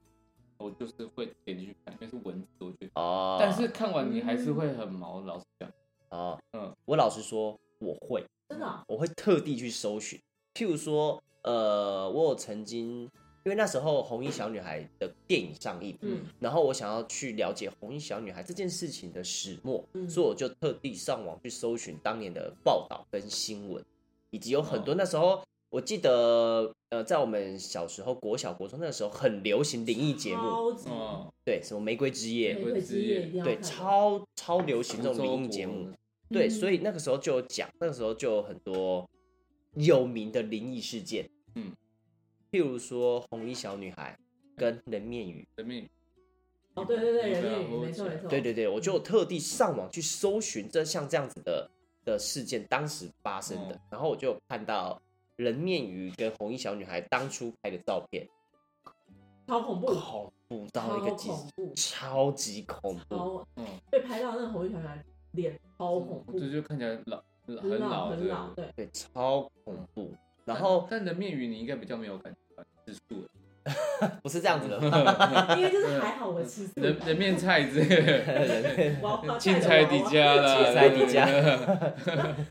我就是會點進去看，因為是文字，我覺得。哦。但是看完你還是會很毛，嗯、老實講、哦。嗯，我老實說，我會。真的、啊。我會特地去搜尋，譬如說，呃，我有曾經，因為那時候《紅衣小女孩》的電影上映，嗯，然後我想要去了解《紅衣小女孩》這件事情的始末、嗯，所以我就特地上網去搜尋當年的報道跟新聞，以及有很多那時候。哦我記得，呃，在我們小時候，國小、國中那個時候，很流行靈異節目，嗯，對，什麼玫瑰之夜、玫瑰之夜，對，超超流行這種靈異節目，對、嗯，所以那個時候就有講，那個時候就有很多有名的靈異事件，嗯，譬如說紅衣小女孩跟人面魚，人面魚，哦，對對對，人面魚，沒錯沒錯，對對對，我就特地上網去搜尋這像這樣子的的事件當時發生的，嗯、然後我就看到。人面魚跟紅衣小女孩當初拍的照片，超恐怖，恐怖到一個極超，超級恐怖。嗯，被拍到的那個紅衣小女孩臉超恐怖，這、嗯、就，就看起來老很老是是很老，對，對超恐怖。然後，但，但人面魚你應該比較沒有感覺吧，吃素的。 不是這樣子的， 因為就是還好我吃，吃，人人面菜之類的，青 菜底加 在 了，青菜底加，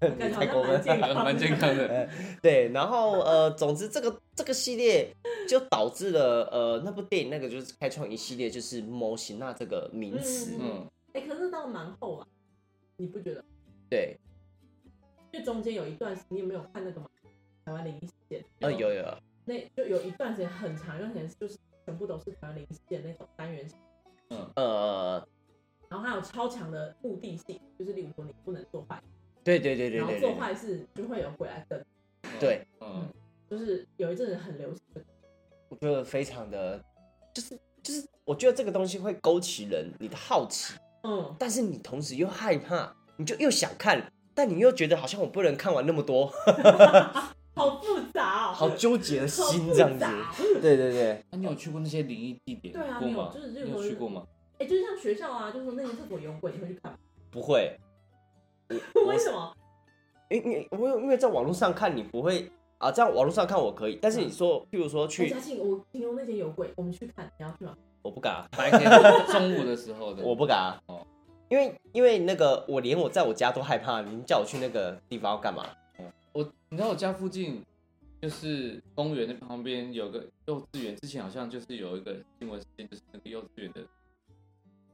蠻健康的、 嗯。對，然後呃，總之這個這個系列就導致了呃，那部電影那個就是開創一系列就是貓型那這個名詞。哎、嗯欸，可是到蠻厚啊，你不覺得？對，就中間有一段時間你有沒有看那個台灣的靈異？啊、呃，有有有。那就有一段時間很長，一段時間就是全部都是條零線那種單元。嗯呃，然後還有超強的目的性，就是例如說你不能做壞。對對對對。然後做壞事就會有回來的。對。嗯。就是有一陣子很流行的。我覺得非常的，就是就是，我覺得這個東西會勾起人你的好奇。嗯。但是你同時又害怕，你就又想看，但你又覺得好像我不能看完那麼多。 好複雜、喔、好糾結的心這樣子，對對對。 那、啊、你有去過那些靈異地點？對啊，沒有，就是、日日你有去過嗎？哎、欸，就是像學校啊，就是那間廁所有鬼，你會去看嗎？不會。 為什麼？哎、欸，你，我因為在網絡上看你不會啊，這樣網絡上看我可以，但是你說，嗯、譬如說去嘉信，欸，我聽說那間有鬼，我們去看，你要去嗎？我不敢啊，白 天 中午的時候的，我不敢啊。哦、因為因為那個我連我在我家都害怕，你們叫我去那個地方要幹嘛？你知道我家附近就是公園的旁邊有個幼稚園，之前好像就是有一個新聞事件，就是那個幼稚園的，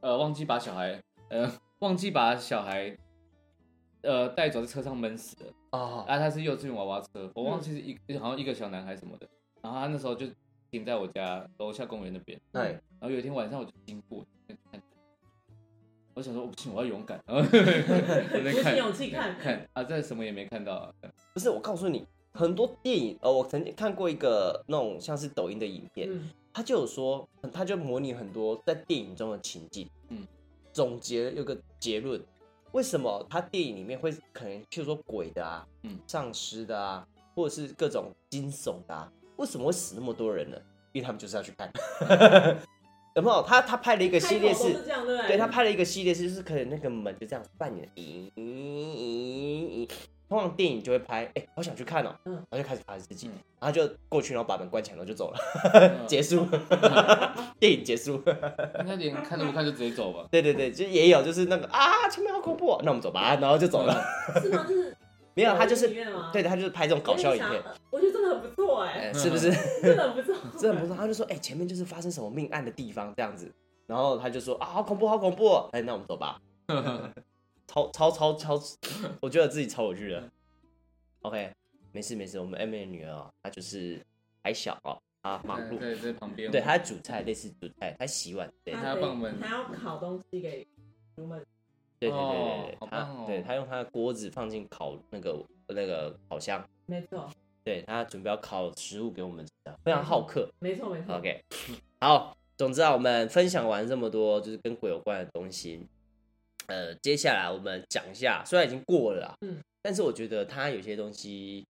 呃，忘記把小孩，呃，忘記把小孩，呃，帶走在車上悶死了、oh. 啊！他是幼稚園娃娃車，我忘記是一、mm. 好像一個小男孩什麼的，然後他那時候就停在我家樓下公園那邊，對、hey. 然後有一天晚上我就經過。我想說我不行，我要勇敢。鼓起勇氣看。看啊，這什麼也沒看到啊。不是，我告訴你，很多電影，呃，我曾經看過一個那種像是抖音的影片，他、嗯、就有說，他就模擬很多在電影中的情境、嗯，總結有個結論，為什麼他電影裡面會可能就說鬼的啊，嗯，喪屍的啊，或者是各種驚悚的啊，為什麼會死那麼多人呢？因為他們就是要去看。 小朋友，他？他拍了一個系列是，是這樣對，對他拍了一個系列是，就是可以那個門就這樣扮演咦咦咦，通常電影就會拍，哎、欸，好想去看哦，然後就開始拍自己、嗯，然後就過去，然後把門關起來，然後就走了， 結束，嗯、 電影結束， 那連看都不看就直接走吧。 對對對，就也有就是那個啊，前面好恐怖，那我們走吧，然後就走了，是嗎？ 是嗎。沒有，他就是對的，他就是拍這種搞笑影片，我，我覺得真的很不錯哎、欸，是不是？ 真的很不錯、欸，真的很不錯。他就說，哎、欸，前面就是發生什麼命案的地方這樣子，然後他就說啊，好恐怖，好恐怖，哎、欸，那我們走吧。 超超超超，我覺得自己超有趣的。OK，沒事沒事，我們妹妹的女兒哦，她就是還小哦，啊忙碌。對，在對，對這對她在煮菜，類似煮菜，她洗碗，對。她，她要幫我們。她要烤東西給我們對對對對對，哦、他、哦、對，他用他的鍋子放進烤那個那個烤箱，沒錯，對，他準備要烤食物給我們吃，非常好客，嗯 okay. 沒錯沒錯。OK，好，總之啊，我們分享完這麼多就是跟鬼有關的東西，呃，接下來我們講一下，雖然已經過了啦，嗯，但是我覺得他有些東西，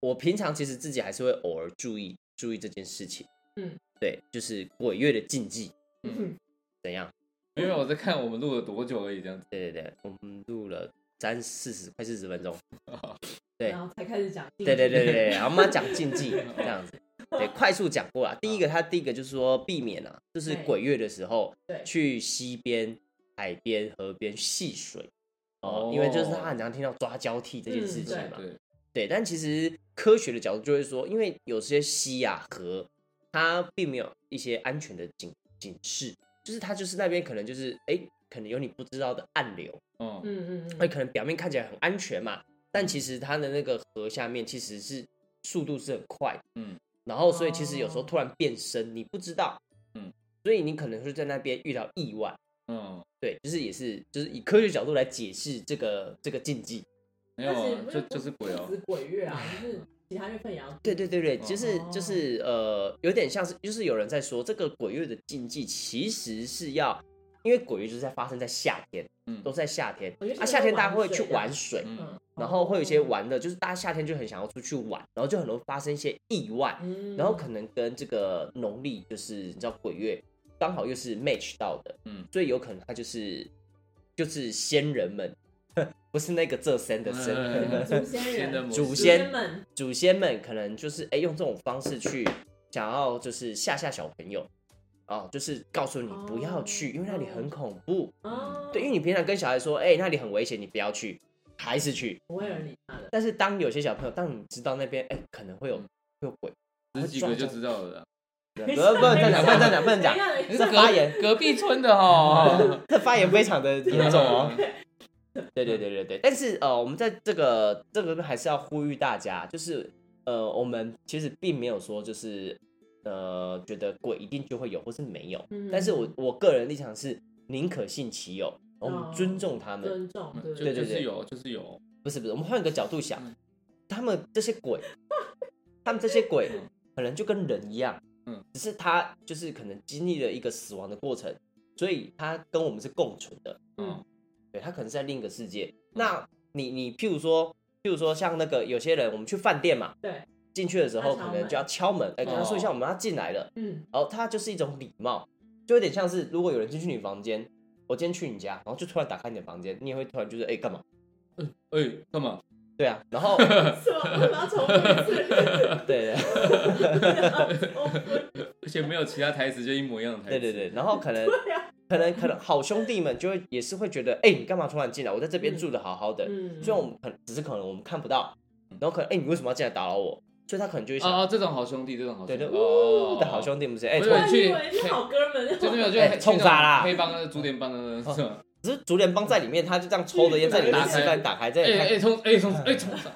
我平常其實自己還是會偶爾注意注意這件事情，嗯，對，就是鬼月的禁忌，嗯，嗯怎樣？因為我在看我們錄了多久而已，這樣子。對對對，我們錄了三四十，快四十分鐘。對， 然後才開始講。對對對對，然後慢慢講禁忌 這樣子。對，快速講過啦。第一個，它、啊、第一個就是說避免啊，就是鬼月的時候去溪邊、海邊、河邊戲水哦、呃，因為就是他很常聽到抓交替這件事情嘛。嗯、對。對，但其實科學的角度就會說，因為有些溪呀河，它並沒有一些安全的警警示。就是它，就是那邊可能就是，哎、欸，可能有你不知道的暗流。嗯嗯嗯，那、欸、可能表面看起來很安全嘛，但其實它的那個河下面其實是速度是很快。嗯，然後所以其實有時候突然變深，嗯、你不知道。嗯，所以你可能會在那邊遇到意外。嗯，對，就是也是就是以科學角度來解釋這個這個禁忌。沒有、啊就，就是鬼哦，鬼月啊。其他月份陽。對對對對，就是、oh. 就是呃，有點像是就是有人在說這個鬼月的禁忌，其實是要因為鬼月就是在發生在夏天，嗯，都是在夏天，嗯、啊夏天大家會去玩水，嗯、然後會有一些玩的、嗯，就是大家夏天就很想要出去玩，然後就很容易發生一些意外、嗯，然後可能跟這個農曆就是你知道鬼月剛好又是 match 到的，嗯，所以有可能它就是就是先人們。不是那個這聲的聲音、嗯，祖、嗯、先們祖先們可能就是哎、欸、用這種方式去想要就是嚇嚇小朋友、哦，就是告訴你不要去，哦、因為那裡很恐怖，哦、對，因為你平常跟小孩說哎、欸、那裡很危險，你不要去，還是去，不會有人理他的。但是當有些小朋友當你知道那邊哎、欸、可能會有會有鬼，十幾個就知道了，不能不講，不要再不要再講，這發言隔壁村的哦，這發言非常的嚴重哦。對對對對對，但是呃，我們在這個這個這邊還是要呼籲大家，就是呃，我們其實並沒有說就是呃，覺得鬼一定就會有或是沒有。嗯、但是我，我我個人立場是寧可信其有，嗯、我們尊重他們。尊重。對對，對對，就是，有就是有。不是不是，我們換一個角度想，嗯，他們這些鬼，他們這些鬼，可能就跟人一樣，嗯，只是他就是可能經歷了一個死亡的過程，所以他跟我們是共存的，嗯。他可能是在另一個世界。那你你譬如說，譬如說像那個有些人，我們去飯店嘛，對，進去的時候可能就要敲門，哎、欸，跟他說一下我們要進來了，嗯、oh.，然後它就是一種禮貌，就有點像是如果有人進去你房間，我今天去你家，然後就突然打開你的房間，你也會突然就是，哎、欸，幹嘛？哎、欸，幹嘛？對啊，然後， 對，而且沒有其他台詞，就一模一樣的台詞。對對對，然後可能。 可能可能好兄弟們就會也是會覺得，哎、欸，你幹嘛突然進來？我在這邊住得好好的、嗯，所以我們可能只是可能我們看不到，然後可能哎、欸，你為什麼要進來打擾我？所以他可能就會想啊啊，這種好兄弟，這種好兄弟，對的哦，的好兄弟們是、欸、不是，哎，去是好哥們、啊，就是沒有，就是衝殺啦，那黑幫的竹聯幫的是嗎？啊、只是竹聯幫在裡面，他就這樣抽着煙、嗯、在裡面吃飯，打開，在哎哎衝哎衝哎衝殺，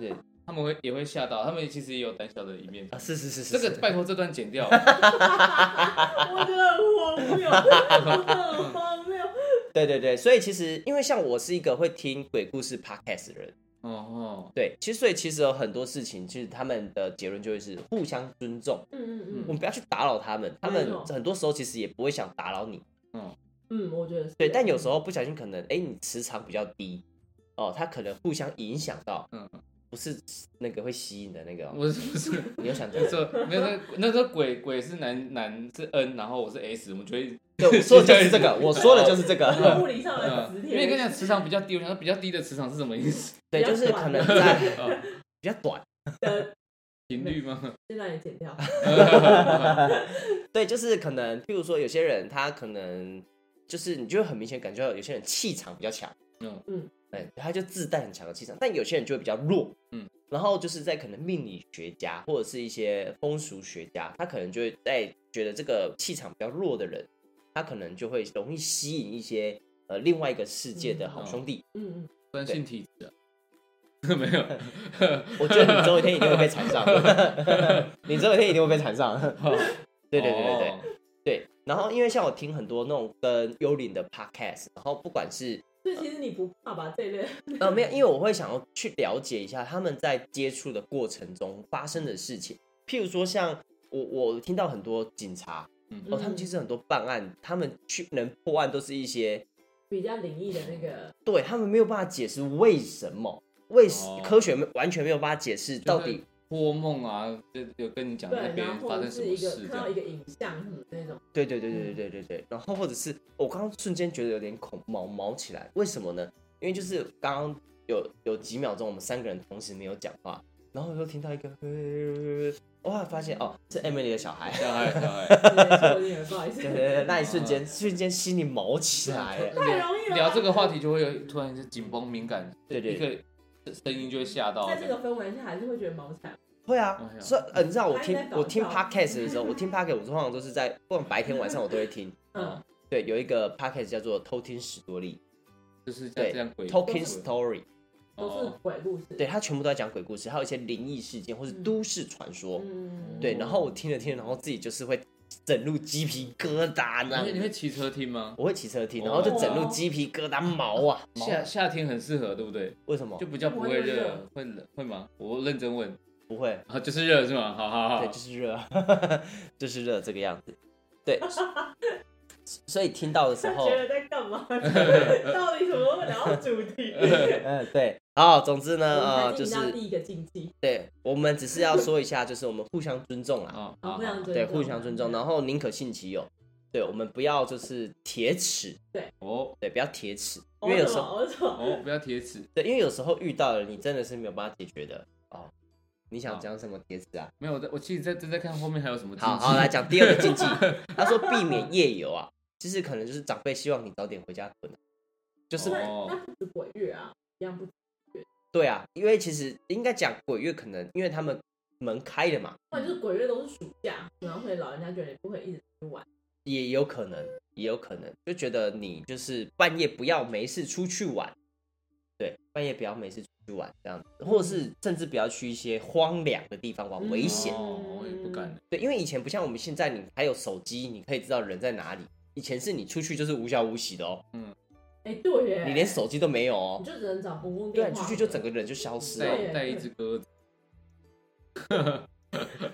對。他們會也會嚇到，他們其實也有膽小的一面、啊。是是是是，是，這個拜托這段剪掉。 我覺得很荒謬，真 的荒謬。 對對對，所以其實因為像我是一個會聽鬼故事 podcast 的人。哦對，其實所以其實有很多事情，其實他們的結論就會是互相尊重。嗯嗯嗯。我們不要去打擾他們、嗯，他們很多時候其實也不會想打擾你。嗯。嗯，我覺得是。對，但有時候不小心可能，哎、欸，你磁場比較低，哦、喔，他可能互相影響到。嗯。不是那個會吸引的那個、喔，不是不是，你要想清楚，沒有那那個鬼鬼是男男是 N，然後我是 S，我們就會。對，我說的就是這個，我說的就是這個。 這個 嗯、因為跟你講磁場比較低，我想說比較低的磁場是什麼意思？對，就是可能在、 哦、比較短的頻率嗎？先 對 讓你剪掉。 對，就是可能，比如說有些人他可能就是你就會很明顯感覺到有些人氣場比較強。嗯。嗯嗯、他就自帶很強的氣場，但有些人就會比較弱。嗯，然後就是在可能命理學家或者是一些風俗學家，他可能就會在覺得這個氣場比較弱的人，他可能就會容易吸引一些呃另外一個世界的好兄弟，嗯嗯，本性體質、啊、沒有， 我覺得你周一天一定會被纏上， 你周一天一定會被纏上， 對對對對對對，對、哦、對，然後因為像我聽很多那種跟幽靈的 podcast，然後不管是。這其實你不怕吧、呃、這一類？呃，沒有，因為我會想要去了解一下他們在接觸的過程中發生的事情。譬如說，像我我聽到很多警察、嗯，哦，他們其實很多辦案，他們去能破案都是一些比較靈異的那個，對他們沒有辦法解釋為什麼，為什麼、哦、科學完全沒有辦法解釋到底。託夢啊，就有跟你講那邊發生，什麼事，看到一個影像的對對對對對對，對，然後或者是我剛剛瞬間覺得有點恐毛毛起來，為什麼呢？因為就是剛剛有有幾秒鐘我們三個人同時沒有講話，然後又聽到一個，哇，我發現哦是 Emily 的小孩，小孩，小孩，不好意思，那一瞬間瞬間心裡毛起來，太容易了聊，聊這個話題就會有突然就緊繃敏感，對對，對。一個聲音就會嚇到，在這個氛圍下還是會覺得毛慘。會啊，所、哦、以、呃、你知道、嗯、我聽我聽 podcast 的時候，我聽 podcast 我通常都是在不管白天晚上我都會聽。嗯，對，有一個 podcast 叫做《偷聽史多利》，就是這樣對，對，Talking Story，都是鬼故事，故事哦、對，他全部都在講鬼故事，還有一些靈異事件或者都市傳說。嗯，對，然後我聽着聽着，然後自己就是會。整入雞皮疙瘩，那、啊、你會騎車聽嗎？我會騎車聽，然後就整入雞皮疙瘩毛啊。毛啊夏夏天很適合，對不對？為什麼？就不叫不會熱，會冷會嗎？我認真問，不會啊，就是熱是嗎？好好好，對，就是熱， 就是熱這個樣子，對。 所以聽到的時候覺得在幹嘛？ 到底怎麼聊主題？嗯， 對。好，總之呢，呃，就是第一個禁忌，就是、對，我們只是要說一下，就是我們互相尊重啊。 哦、好，好，好對，互相尊重，對，互相尊重，然後寧可信其有，對，我們不要就是鐵齒，對，哦，對，不要鐵齒，因為有時候哦，哦，不要鐵齒，對，因為有時候遇到了你真的是沒有辦法解決的、哦、你想講什麼鐵齒啊、哦？沒有，我在我其實在在看後面還有什麼禁忌，好好來講第二個禁忌， 他說避免夜遊啊，其實可能就是長輩希望你早點回家睏、啊，可就是那、哦、不止鬼月啊，一樣不。對啊，因為其實應該講鬼月，可能因為他們門開了嘛，或者就是鬼月都是暑假，可能會老人家覺得你不會一直去玩，也有可能，也有可能就覺得你就是半夜不要沒事出去玩，對，半夜不要沒事出去玩這樣，或者是甚至不要去一些荒涼的地方玩，危險，我也不敢。對，因為以前不像我們現在，你還有手機，你可以知道人在哪裡，以前是你出去就是無消無息的哦。嗯。欸、對耶，你連手機都沒有哦，你就只能找公共電話。對，你出去就整個人就消失了。帶一隻鴿子，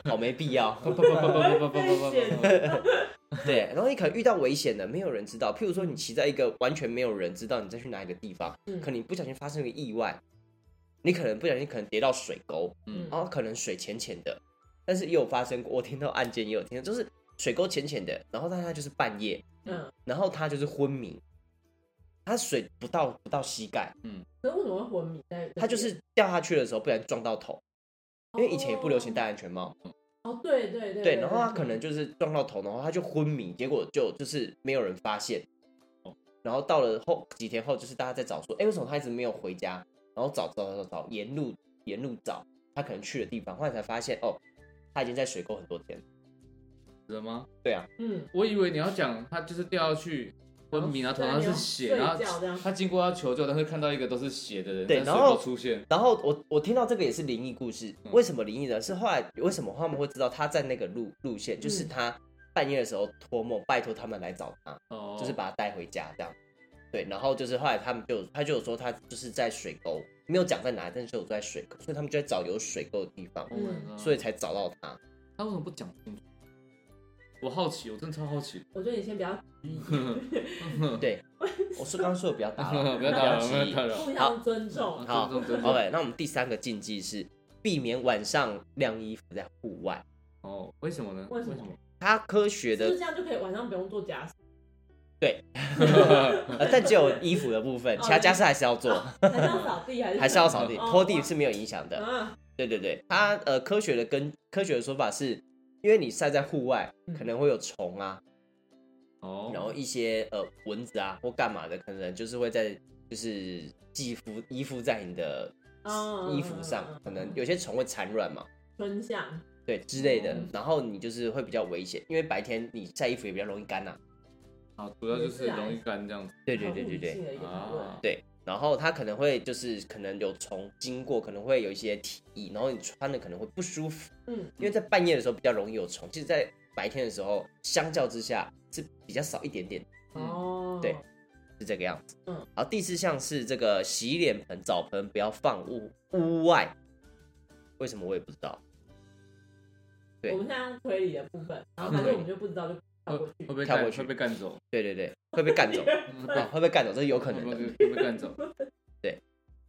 好沒必要。 對，然後你可能遇到危險的，沒有人知道。譬如說，你騎在一個完全沒有人知道你在去哪一個地方，嗯、可能你不小心發生一個意外，你可能不小心可能跌到水溝、嗯，然後可能水淺淺的，但是也有發生過，我聽到案件也有聽到，就是水溝淺淺的，然後他他就是半夜，嗯，然後他就是昏迷。他水不到不到膝蓋，嗯，那為什麼會昏迷？他就是掉下去的時候，不然撞到頭，哦，因為以前也不流行戴安全帽，嗯、哦，對對對，對，然後他可能就是撞到頭，然後他就昏迷，結果就就是沒有人發現，哦、然後到了後幾天後，就是大家在找說，哎，為什麼他一直沒有回家？然後找找找找找沿路沿路找他可能去的地方，後來才發現哦，他已經在水溝很多天，死了嗎？對啊，嗯，我以為你要講他就是掉下去。昏迷了，頭上是血這樣，然後他經過要求救，但是看到一個都是血的人對，然後。出現。然後我我聽到這個也是靈異故事、嗯，為什麼靈異呢？是後來為什麼他們會知道他在那個路路線？就是他半夜的時候托夢，拜託他們來找他，嗯、就是把他帶回家這樣。對，然後就是後來他們就他就有說他就是在水溝，沒有講在哪裡，但是有在水溝，所以他們就在找有水溝的地方、嗯，所以才找到他。他為什麼不講清楚？我好奇，我真的超好奇。我覺得你先比較低， 對，我是剛剛說的比 我比較大，不要打了，不要打了，互相尊重。好，尊重，OK，那我們第三個禁忌是避免晚上晾衣服在戶外。哦，為什麼呢？為什麼？為什麼，它科學的，這樣就可以晚上不用做家事。對、 呃，但只有衣服的部分， 其他家事還是要做。Okay. 還是要掃地，還是要掃地， 拖地是沒有影響的。對對對，它呃科學的跟科學的說法是。因為你曬在戶外，可能會有蟲啊，哦、嗯，然後一些呃蚊子啊或幹嘛的，可能就是會在就是寄膚，依附在你的衣服上，哦、可能有些蟲會產卵嘛，春夏對之類的、哦，然後你就是會比較危險，因為白天你曬衣服也比較容易乾吶、啊，好、啊，主要就是容易乾這樣子，對對對對對，對。對對對啊對然後他可能會就是可能有蟲經過，可能會有一些體液，然後你穿的可能會不舒服。嗯，因為在半夜的時候比較容易有蟲，其實在白天的時候相較之下是比較少一點點。嗯。哦，對，是這個樣子。嗯，然後第四項是這個洗臉盆、澡盆，不要放屋屋外，為什麼我也不知道。對，我們現在推理的部分，然後這個我們就不知道就。嗯會不會被跳過去，會不會幹走？對對對，會不會幹走， 會不會幹走，這是有可能的。會不會幹走。對，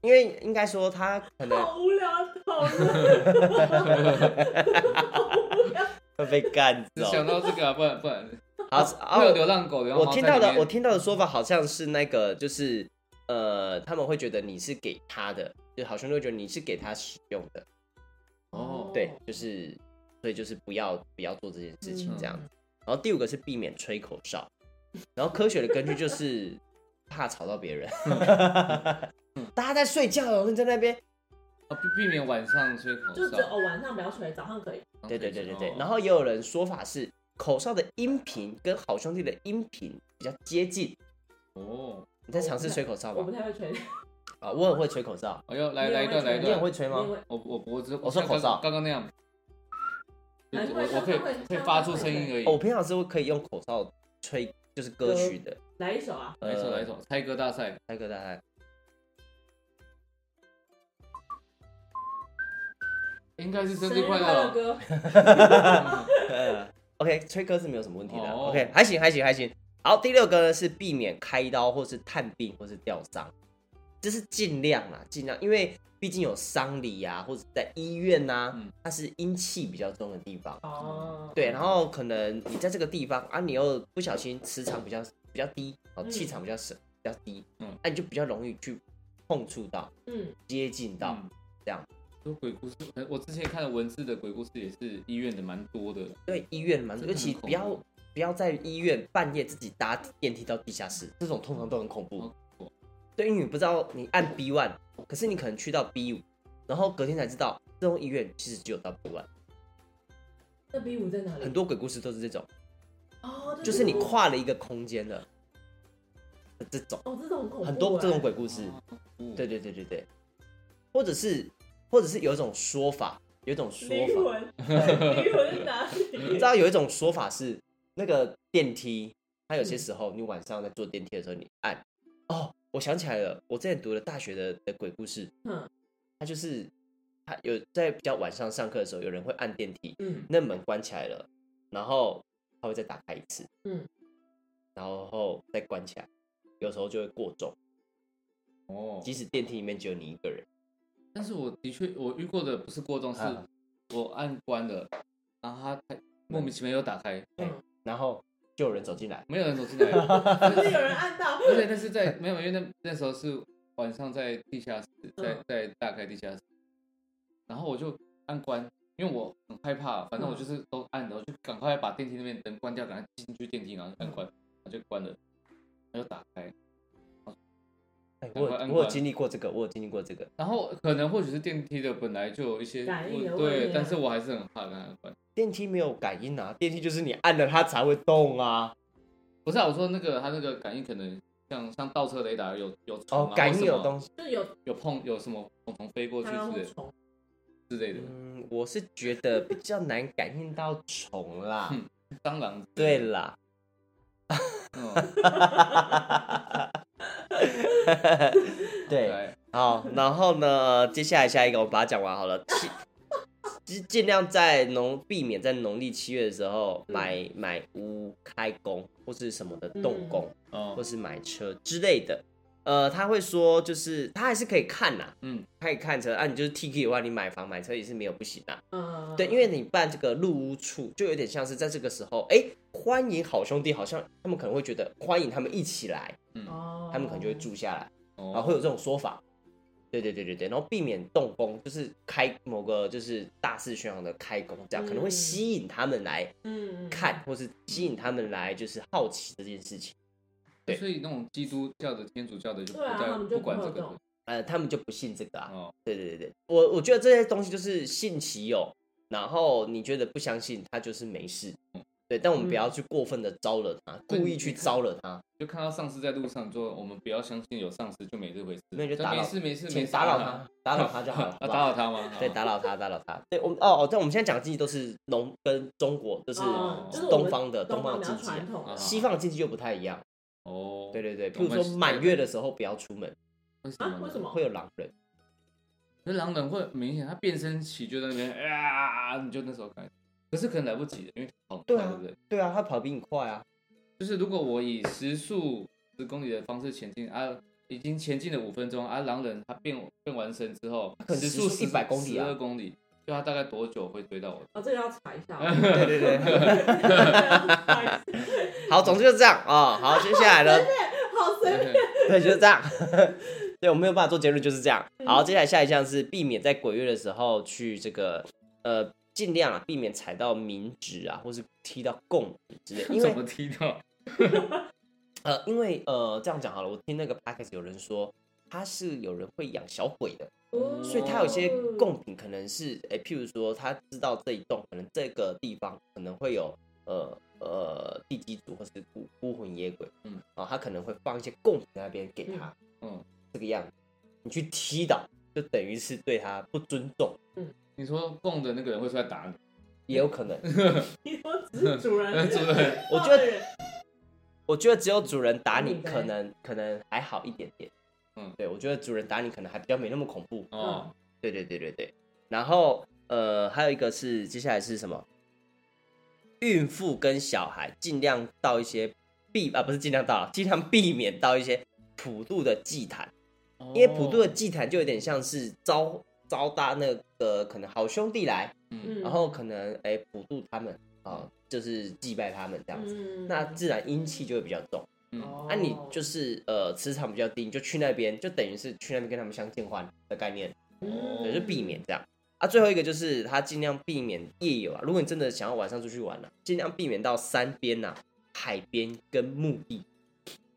因為應該說他可能好無聊透了。 會不會幹走。想到這個、啊，不能不能。好、喔、會有流浪狗。流浪狗。我聽到的，我聽到的說法好像是那個，就是呃，他們會覺得你是給他的，就好像會覺得你是給他使用的。哦，對，就是所以就是不要不要做這件事情、嗯、這樣子。然後第五個是避免吹口哨，然後科學的根據就是怕吵到別人， 大家在睡覺的時候、哦，你在那邊避免晚上吹口哨，就覺得哦，晚上不要吹，早上可以。對對對對對，然後也有人說法是口哨的音頻跟好兄弟的音頻比較接近哦。你在嘗試吹口哨吧？我不太，我不太會吹，啊，我很會吹口哨，哎呦，來來一段來一段，你很會吹嗎？我我我我吹口哨剛剛，剛剛那樣。我我可以可以發出聲音而已。哦、我平常是會可以用口哨吹，就是歌曲的。來一首啊，一首？來一首猜歌大賽，猜歌大賽，應該是生日快樂。快 OK，吹歌是沒有什麼問題的。OK，還行還行還行。好，第六個呢是避免開刀或是探病或是吊喪，這、就是盡量啊，盡量，因為。畢竟有喪禮啊，或者在醫院吶、啊，它是陰氣比較重的地方。哦、嗯，對，然後可能你在這個地方啊，你又不小心，磁場比較比較低，啊氣場比較少，比較低，嗯，那你就比較容易去碰觸到，嗯，接近到、嗯、這樣。說鬼故事，我之前看了文字的鬼故事也是醫院的蠻多的。對，醫院蠻多，尤其不要不要在醫院半夜自己搭電梯到地下室，這種通常都很恐怖。對，因為不知道你按 B 1，可是你可能去到 B 五，然後隔天才知道，這種醫院其實只有到 B 1。那 B 五在哪裡？很多鬼故事都是這種，哦、就是你跨了一個空間的這種,、哦這種很恐怖啊。很多這種鬼故事，啊、對,對對對對對，或者是或者是有一種說法，有一種說法，靈魂，靈魂在哪裡？ 你知道有一種說法是，那個電梯，它有些時候你晚上在坐電梯的時候，你按，嗯、哦。我想起來了，我之前讀了大學的的鬼故事，嗯，他就是他有在比較晚上上課的時候，有人會按電梯，嗯，那門關起來了，然後他會再打開一次，嗯，然後再關起來，有時候就會過重，哦，即使電梯裡面只有你一個人，但是我的確我遇過的不是過重，啊、是我按關了，然後他莫名其妙又打開，嗯嗯嗯嗯、然後。就有人走進來，沒有人走進來，可 但是有人按到。而且那是在沒有，因為那那時候是晚上，在地下室，在在大概地下室，嗯，然後我就按關，因為我很害怕，反正我就是都按了，我就趕快把電梯那邊燈關掉，趕快進去電梯，然後就按關，然後就關了，沒有打開。按關按關欸、我有我我經歷過這個，我有經歷過這個。然後可能或許是電梯的本來就有一些有對，但是我還是很怕，然後按關。電梯沒有感應啊，電梯就是你按了它才會動啊。不是啊，我說那個它那個感應可能像像倒車雷達有有蟲，哦，感應有東西，就有有碰有什麼蟲飛過去之類的、之類的。嗯，我是覺得比較難感應到蟲啦。當 然 對啦。嗯，哈哈哈哈哈哈！哈哈！對，好，然後呢，接下來下一個我把它講完好了。 就是盡量在農避免在農曆七月的時候買買屋、開工或是什麼的動工，嗯哦，或是買車之類的。呃，他會說，就是他還是可以看吶，啊，嗯，他可以看車。啊，你就是 TK 的話，你買房買車也是沒有不行的啊。啊，哦，對，因為你辦這個入屋處，就有點像是在這個時候，誒，歡迎好兄弟，好像他們可能會覺得歡迎他們一起來，嗯，他們可能就會住下來，哦，然後會有這種說法。對對對對對，然後避免動工，就是開某個就是大肆宣揚的開工，這樣可能會吸引他們來看、嗯，或是吸引他們來就是好奇這件事情。對，所以那種基督教的、天主教的就不在、啊、不管這個不，呃，他們就不信這個啊。哦，對對對，我我覺得這些東西就是信其有，然後你覺得不相信他就是沒事。對，但我們不要去過分的招惹他，嗯、故意去招惹他。看就看到喪屍在路上，就我們不要相信有喪屍就沒這回事，那就打擾，沒事沒事，沒事、啊，打擾他，打擾他就好了、 啊。打擾他嗎？對，打擾他，打擾他。 對我們哦哦，但我們現在講的禁忌都是農跟中國，都、就是東方的、哦就是、東方禁忌、啊，西方的禁忌又不太一樣。哦，對對對，比如說滿月的時候不要出門什麼、啊、為什麼會有狼人？那狼人會明顯他變身起就在那邊，哎、啊、呀，你就那時候該。可是可能來不及了，因為跑啊、啊，他跑比你快啊。就是如果我以時速十公里的方式前進啊，已經前進了五分鐘啊，狼人他變變完身之後，可能時速一百 10, 公里十、啊、二公里，就他大概多久會追到我？啊、哦，這個要查一下。 對對對。 好，總之就是這樣啊、哦。好，接下來了。好 神 對，就是、這樣。 對，我沒有辦法做結論，就是這樣。好，接下來下一項是避免在鬼月的時候去這個呃。盡量啊，避免踩到冥紙啊，或是踢到貢品之類因為。怎麼踢到？ 呃、因為呃，這樣講好了。我聽那個 podcast 有人說，他是有人會養小鬼的、哦，所以他有些貢品可能是、欸，譬如說他知道這一棟，可能這個地方可能會有呃呃地基主或是孤孤魂野鬼，嗯啊，然後他可能會放一些貢品在那邊給他，嗯，這個樣子，你去踢倒，就等於是對他不尊重，嗯。你說供的那個人會出來打你，也有可能。你說只是主人，主人，我覺得，我覺得只有主人打你，可能、okay. 可能還好一點點。嗯，對，我覺得主人打你可能還比較沒那麼恐怖。哦、嗯，對對對對對。然後呃，還有一個是接下來是什麼？孕婦跟小孩盡量到一些避啊，不是盡量到，盡量避免到一些普渡的祭壇、哦，因為普渡的祭壇就有點像是招。招搭那個可能好兄弟來，嗯，然後可能哎普渡他們啊、呃，就是祭拜他們這樣子，嗯、那自然陰氣就會比較重。嗯，啊你就是呃磁場比較低，你就去那邊，就等於是去那邊跟他們相見歡的概念，也、嗯、就避免這樣。啊，最後一個就是他盡量避免夜遊啊。如果你真的想要晚上出去玩呢、啊，盡量避免到山邊吶、啊、海邊跟墓地、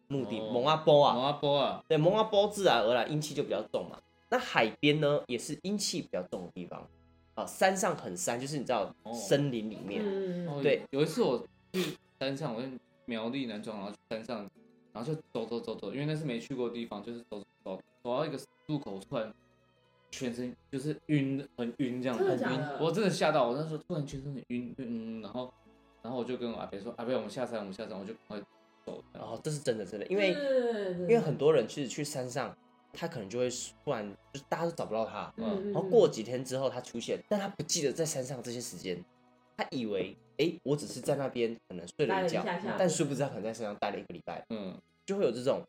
墓地。哦、蒙阿波啊，蒙阿波啊，對，蒙阿波自然而然陰氣就比較重嘛。那海邊呢，也是陰氣比較重的地方、哦，山上很山，就是你知道、哦，森林裡面。嗯、對、哦，有一次我去山上，我就苗栗南莊，然後去山上，然後就走走走走，因為那是沒去過的地方，就是走走走，走到一個路口，突然全身就是暈，很暈這樣這，很暈。我真的嚇到我那時候，突然全身很暈暈、嗯，然後然後我就跟我阿伯說，阿、啊、伯，我們下山，我們下山，我就趕快走。然、哦、後這是真的真的，因為因為很多人其實去山上。他可能就會突然，就是、大家都找不到他，嗯，然後過幾天之後他出現，但他不記得在山上這些時間，他以為，哎、欸，我只是在那邊可能睡了一覺，一下下但殊不知他可能在山上待了一個禮拜，嗯，就會有這種，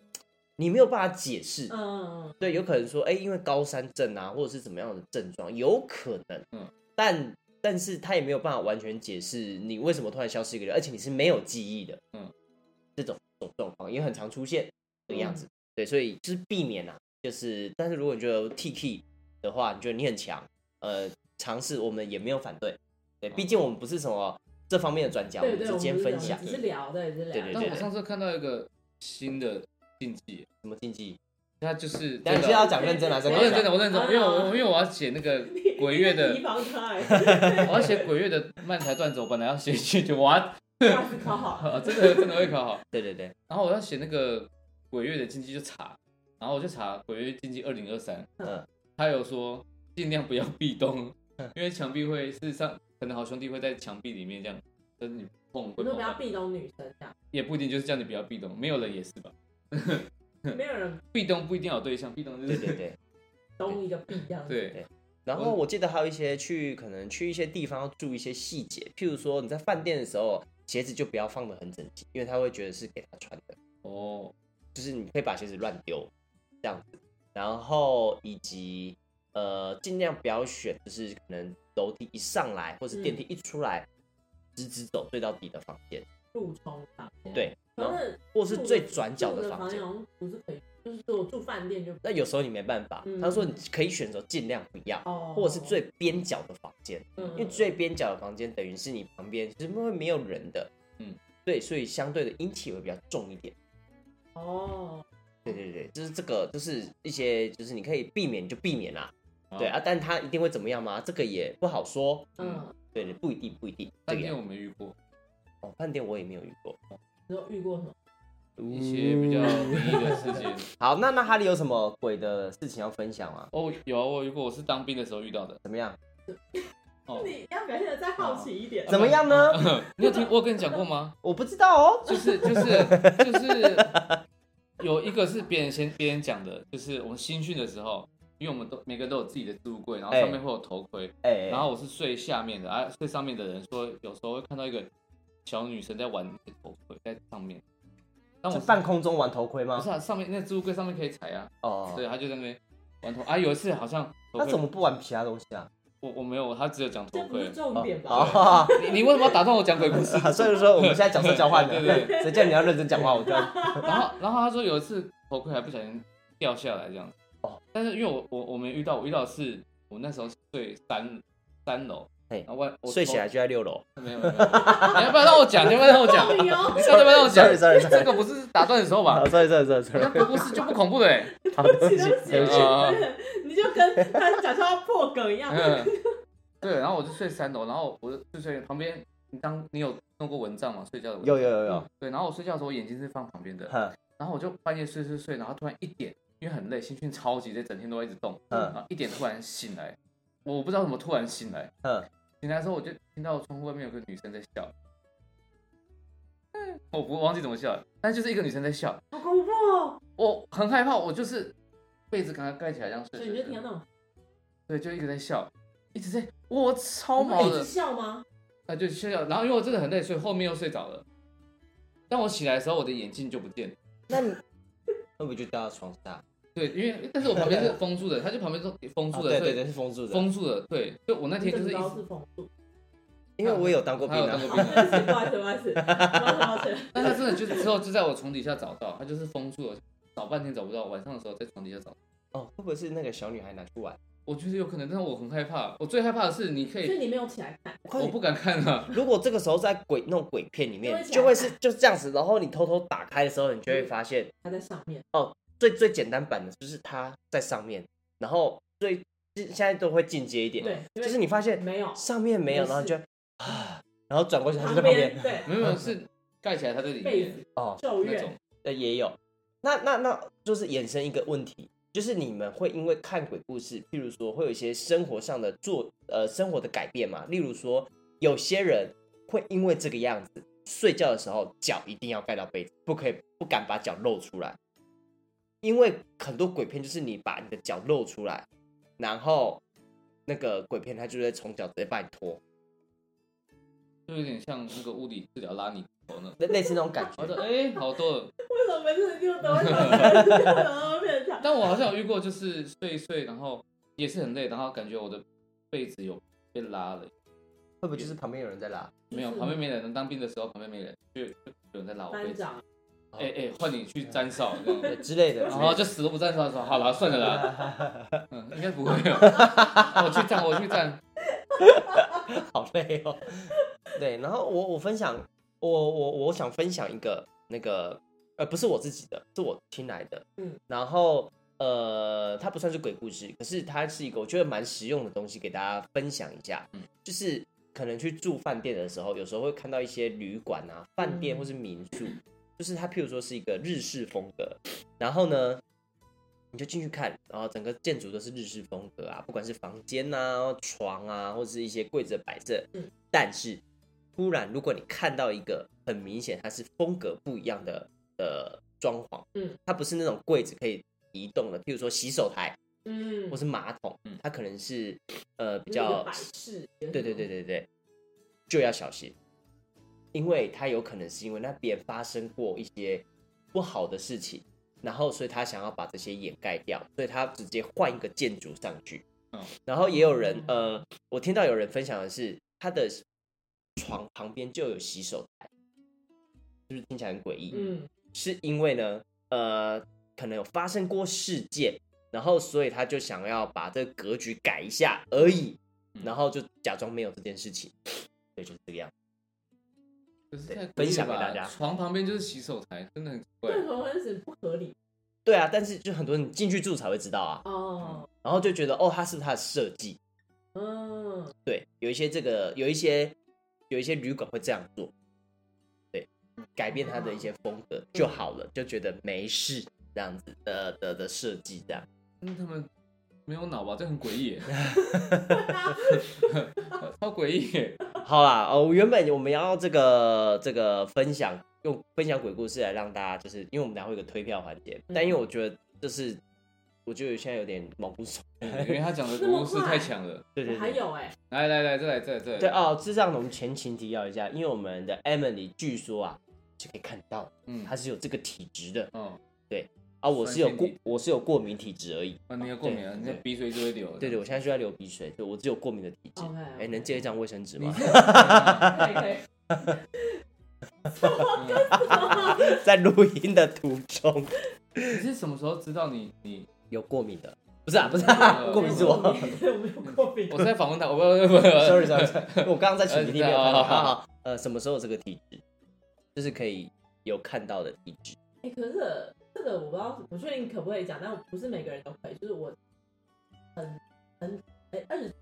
你沒有辦法解釋，嗯，對，有可能說，哎、欸，因為高山症啊，或者是怎麼樣的症狀，有可能，嗯，但，但是他也沒有辦法完全解釋你為什麼突然消失一個，人，而且你是沒有記憶的，嗯，這種這種狀況也很常出現的樣子、嗯，對，所以就是避免啊。就是，但是如果你覺得 T K 的話，你覺得你很強，呃，嘗試我們也沒有反對，對，畢竟我們不是什麼這方面的專家，對對對，我，我們只是分享，只是聊的，對，聊對，對對對。但我上次看到一個新的禁忌，什麼禁忌？那就是、這個，但是要講認真了、啊，怎、欸、我認真、啊？我認真，因為、啊、我因為我要寫那個鬼月的，欸、 我要寫鬼月的漫才段子，我本來要寫劇就就完，我要 考好，好，真的真的會考好， 對，對對對。然後我要寫那個鬼月的禁忌就慘。然後我就查《鬼月禁忌二零二三》，他有說盡量不要壁咚、嗯，因為牆壁會事實上可能好兄弟會在牆壁裡面這樣，跟、就是你碰，你就不要壁咚女生這樣，也不一定就是叫你不要壁咚，沒有人也是吧？沒有人壁咚不一定有對象，壁咚對對對，咚一個壁一樣，對對。然後我記得還有一些去可能去一些地方要注意一些細節，譬如說你在飯店的時候，鞋子就不要放得很整齊，因為他會覺得是給他穿的。哦，就是你可以把鞋子亂丟。這樣子，然後以及呃，盡量不要選，就是可能樓梯一上來，或是電梯一出來，嗯、直直走，最到底的房間，路沖房，對，然後或是最轉角的房間，那、就是、有時候你沒辦法，嗯、他說你可以選擇盡量不要、哦，或者是最邊角的房間、嗯，因為最邊角的房間等於是你旁邊其實因為沒有人的，嗯，對，所以相對的陰氣會比較重一點，哦。對對對，就是這個，就是一些，就是你可以避免就避免啦。啊對啊，但他一定會怎麼樣嗎？這個也不好說。嗯，對，不一定，不一定。飯店我沒遇過，哦，飯店我也沒有遇過。你有遇過什麼？一些比較詭異的事情。 好，那那哈利有什麼鬼的事情要分享嗎？哦，有，我遇過，我是當兵的時候遇到的，怎麼樣？哦、你要表現的再好奇一點，怎麼樣呢？你有聽 我跟你講過嗎？ 我不知道哦，就是就是就是。就是有一個是別人先別人講的，就是我們新訓的時候，因為我們都每個都有自己的置物櫃，然後上面會有頭盔，哎、欸，然後我是睡下面的，欸、啊，睡上面的人說有時候會看到一個小女生在玩頭盔在上面，那我半空中玩頭盔嗎？不是、啊，上面那置物櫃上面可以踩啊，哦，所以她就在那邊玩頭盔，啊，有一次好像，他怎麼不玩其他東西啊？我我沒有，他只有講頭盔。這不是重點吧？啊、哦， 你為什麼要打斷我講鬼故事？ 所以說我們現在角色交換 對不對，對？誰叫你要認真講話我，我講。然後然後他說有一次頭盔還不小心掉下來這樣子。哦，但是因為我我我沒遇到，我遇到的是，我那時候睡三三樓。哎、hey, 嗯，我我睡起來就在六樓，沒有沒有，沒有 你要要，啊，你要不要讓我講？你要不要讓我講？Sorry，Sorry，Sorry，這個不是打斷的時候吧 Sorry，Sorry，不是就不恐怖的哎，對不起，對不起，嗯、 你就跟他講像要破梗一樣 嗯。對，然後我就睡三樓，然後我就睡我就睡旁邊，你當你有弄過蚊帳嗎？睡覺的蚊帳有有有有，嗯，對，然後我睡覺的時候我眼睛是放旁邊的， 然後我就半夜睡睡睡，然後突然一點，因為很累，新訓超級累，整天都在一直動，嗯，啊，一點突然醒來，我不知道怎麼突然醒來，嗯。醒來的時候，我就聽到窗戶外面有個女生在笑。我、嗯、我不忘記怎麼笑了，但就是一個女生在笑，好恐怖、哦！我很害怕，我就是被子剛剛蓋起來這樣睡，睡。所以你就聽到那種？對，就一直在笑，一直在，我超毛的。一直笑嗎？啊，就笑笑，然後因為我真的很累，所以後面又睡着了。當我起來的時候，我的眼鏡就不見了。那你，會不會就掉到床下？對，因為但是我旁邊是封住的，他就旁邊是封住的，對對，對，它是，封、哦、對，對，對是封住的，封住的，對，就我那天就是，一直因是、啊，因為我也有當過、啊，兵，當過、啊哦不。不好意思，不好意思， 不好意思。那他真的就是 之後就在我床底下找到，他就是封住了。找半天找不到，晚上的時候在床底下找。哦，會不會是那個小女孩拿去玩？我覺得有可能，但我很害怕。我最害怕的是你可以，所以你沒有起來看，我不敢看啊！ 如果這個時候在鬼弄、那個、鬼片裡面，會就會是就是這樣子，然後你偷偷打開的時候，你就會發現他在上面。哦。最最簡單版的，就是他在上面，然後最現在都會進階一點，對，就是你發現沒有上面沒有，就是、然後就啊，然後轉過去在旁邊，對，沒、嗯、有是蓋起來，他這裡面被子哦教，那種，對，也有。那那那就是衍生一個問題，就是你們會因為看鬼故事，譬如說會有一些生活上的做呃生活的改變嘛，例如說有些人會因為這個樣子，睡覺的時候腳一定要蓋到被子，不可以不敢把腳露出來。因為很多鬼片就是你把你的腳露出來，然後那個鬼片它就在從腳直接把你拖，就有點像那個物理治療拉你頭呢， 類似那種感覺。我說哎，好多了。為什麼沒這都想 但我好像有遇過，就是睡一睡，然後也是很累，然後感覺我的被子有被拉了，會不會就是旁邊有人在拉？就是、沒有，旁邊沒人。當兵的時候旁邊沒人，就有人在拉我被子。哎、欸、哎，換、欸、你去站哨 之類的，然、哦、後就死都不站哨說好了，算了啦， 嗯、應該不會有。 我去站，我去站，好累哦。對，然後我我分享，我我我想分享一個那個呃，不是我自己的，是我聽來的。嗯，然後呃，它不算是鬼故事，可是它是一個我覺得蠻實用的東西，給大家分享一下。嗯、就是可能去住飯店的時候，有時候會看到一些旅館啊、飯店或是民宿。嗯就是它，譬如說是一個日式風格，然後呢，你就進去看，然後整個建築都是日式風格啊，不管是房間吶、啊、床啊，或者是一些櫃子的擺設。嗯。但是，突然如果你看到一個很明顯它是風格不一樣的呃裝潢，嗯，它不是那種櫃子可以移動的，譬如說洗手台，嗯，或是馬桶，嗯、它可能是呃比較對，對對對對對，就要小心。因為他有可能是因為那邊發生過一些不好的事情，然後所以他想要把這些掩蓋掉，所以他直接換一個建築上去。嗯，然後也有人呃，我聽到有人分享的是他的床旁邊就有洗手台，是不是聽起來很詭異？嗯，是因為呢呃，可能有發生過事件，然後所以他就想要把這個格局改一下而已，然後就假裝沒有這件事情，所以就是這個樣子。分享給大家。床旁邊就是洗手台，真的很奇怪。對啊，但是就很多人進去住才會知道啊。哦、oh.。然後就覺得，哦，它是，是它的設計。嗯、oh.。對，有一些這個，有一些，有一些旅館會這樣做。對，改變它的一些風格就好了，oh. 就覺得沒事這樣子的的的設計這樣。嗯，他們沒有腦吧？這很詭異耶。 超詭異耶。好啦，哦，原本我們要這個這個分享用分享鬼故事來讓大家，就是因為我們等下會有個推票環節，但因為我覺得就是我覺得現在有點毛骨悚然、嗯，因為他講的鬼故事太強了。對，對對，還有哎、欸，來來來，再來再來。再來，來。對哦，智障龍，前情提要一下，因為我們的 Amily 據說啊就可以看到，嗯，他是有這個體質的，嗯，對。啊，我是有過我是有過敏體質而已。你有過敏啊？你，你鼻水就會流。對對，對，我現在就在流鼻水，對，我只有過敏的體質。哎、okay, okay. 欸，能借一張衛生紙嗎？哈哈哈哈，在錄音的途中，你是什麼時候知道你你有過敏的？不是啊，不是過敏是我。我有過敏，過敏。我，敏 我在訪問他，我不不 ，sorry sorry， 我剛剛在群裡面。好好好，呃、啊啊，什麼時候這個體質，就是可以有看到的體質？哎、欸，可是這個我不知道，不確定可不可以講，但不是每個人都可以，就是我很很哎二十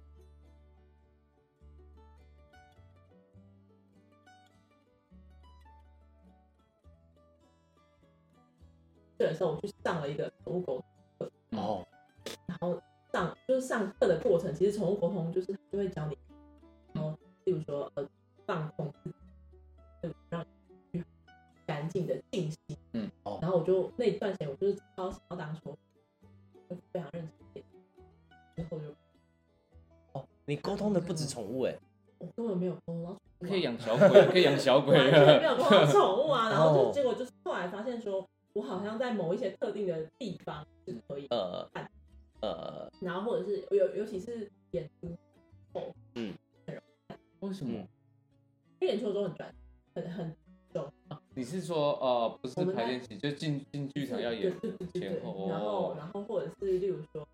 歲的時候，我去上了一個寵物溝通課，哦、oh.，然後上就是上課的過程，其實寵物溝通就是就會教你，然後，例如說呃放空，對，讓。安靜的進行，嗯，然後我就那一段時間，我就是超想要當寵物，就非常認真一點。之後就，哦，你溝通的不止寵物哎、欸，我根本沒有溝通，到寵物。可以養小鬼， 可以養小鬼，沒有溝通寵物啊。 然後就、oh. 結果就是後來發現說，我好像在某一些特定的地方是可以看，呃，呃，然後或者是尤尤其是演出，嗯，為什麼？因為演出都很專，很很。啊、你是說呃，不是排練期就進進劇場要演前後，對對對對哦、然後然後或者是例如說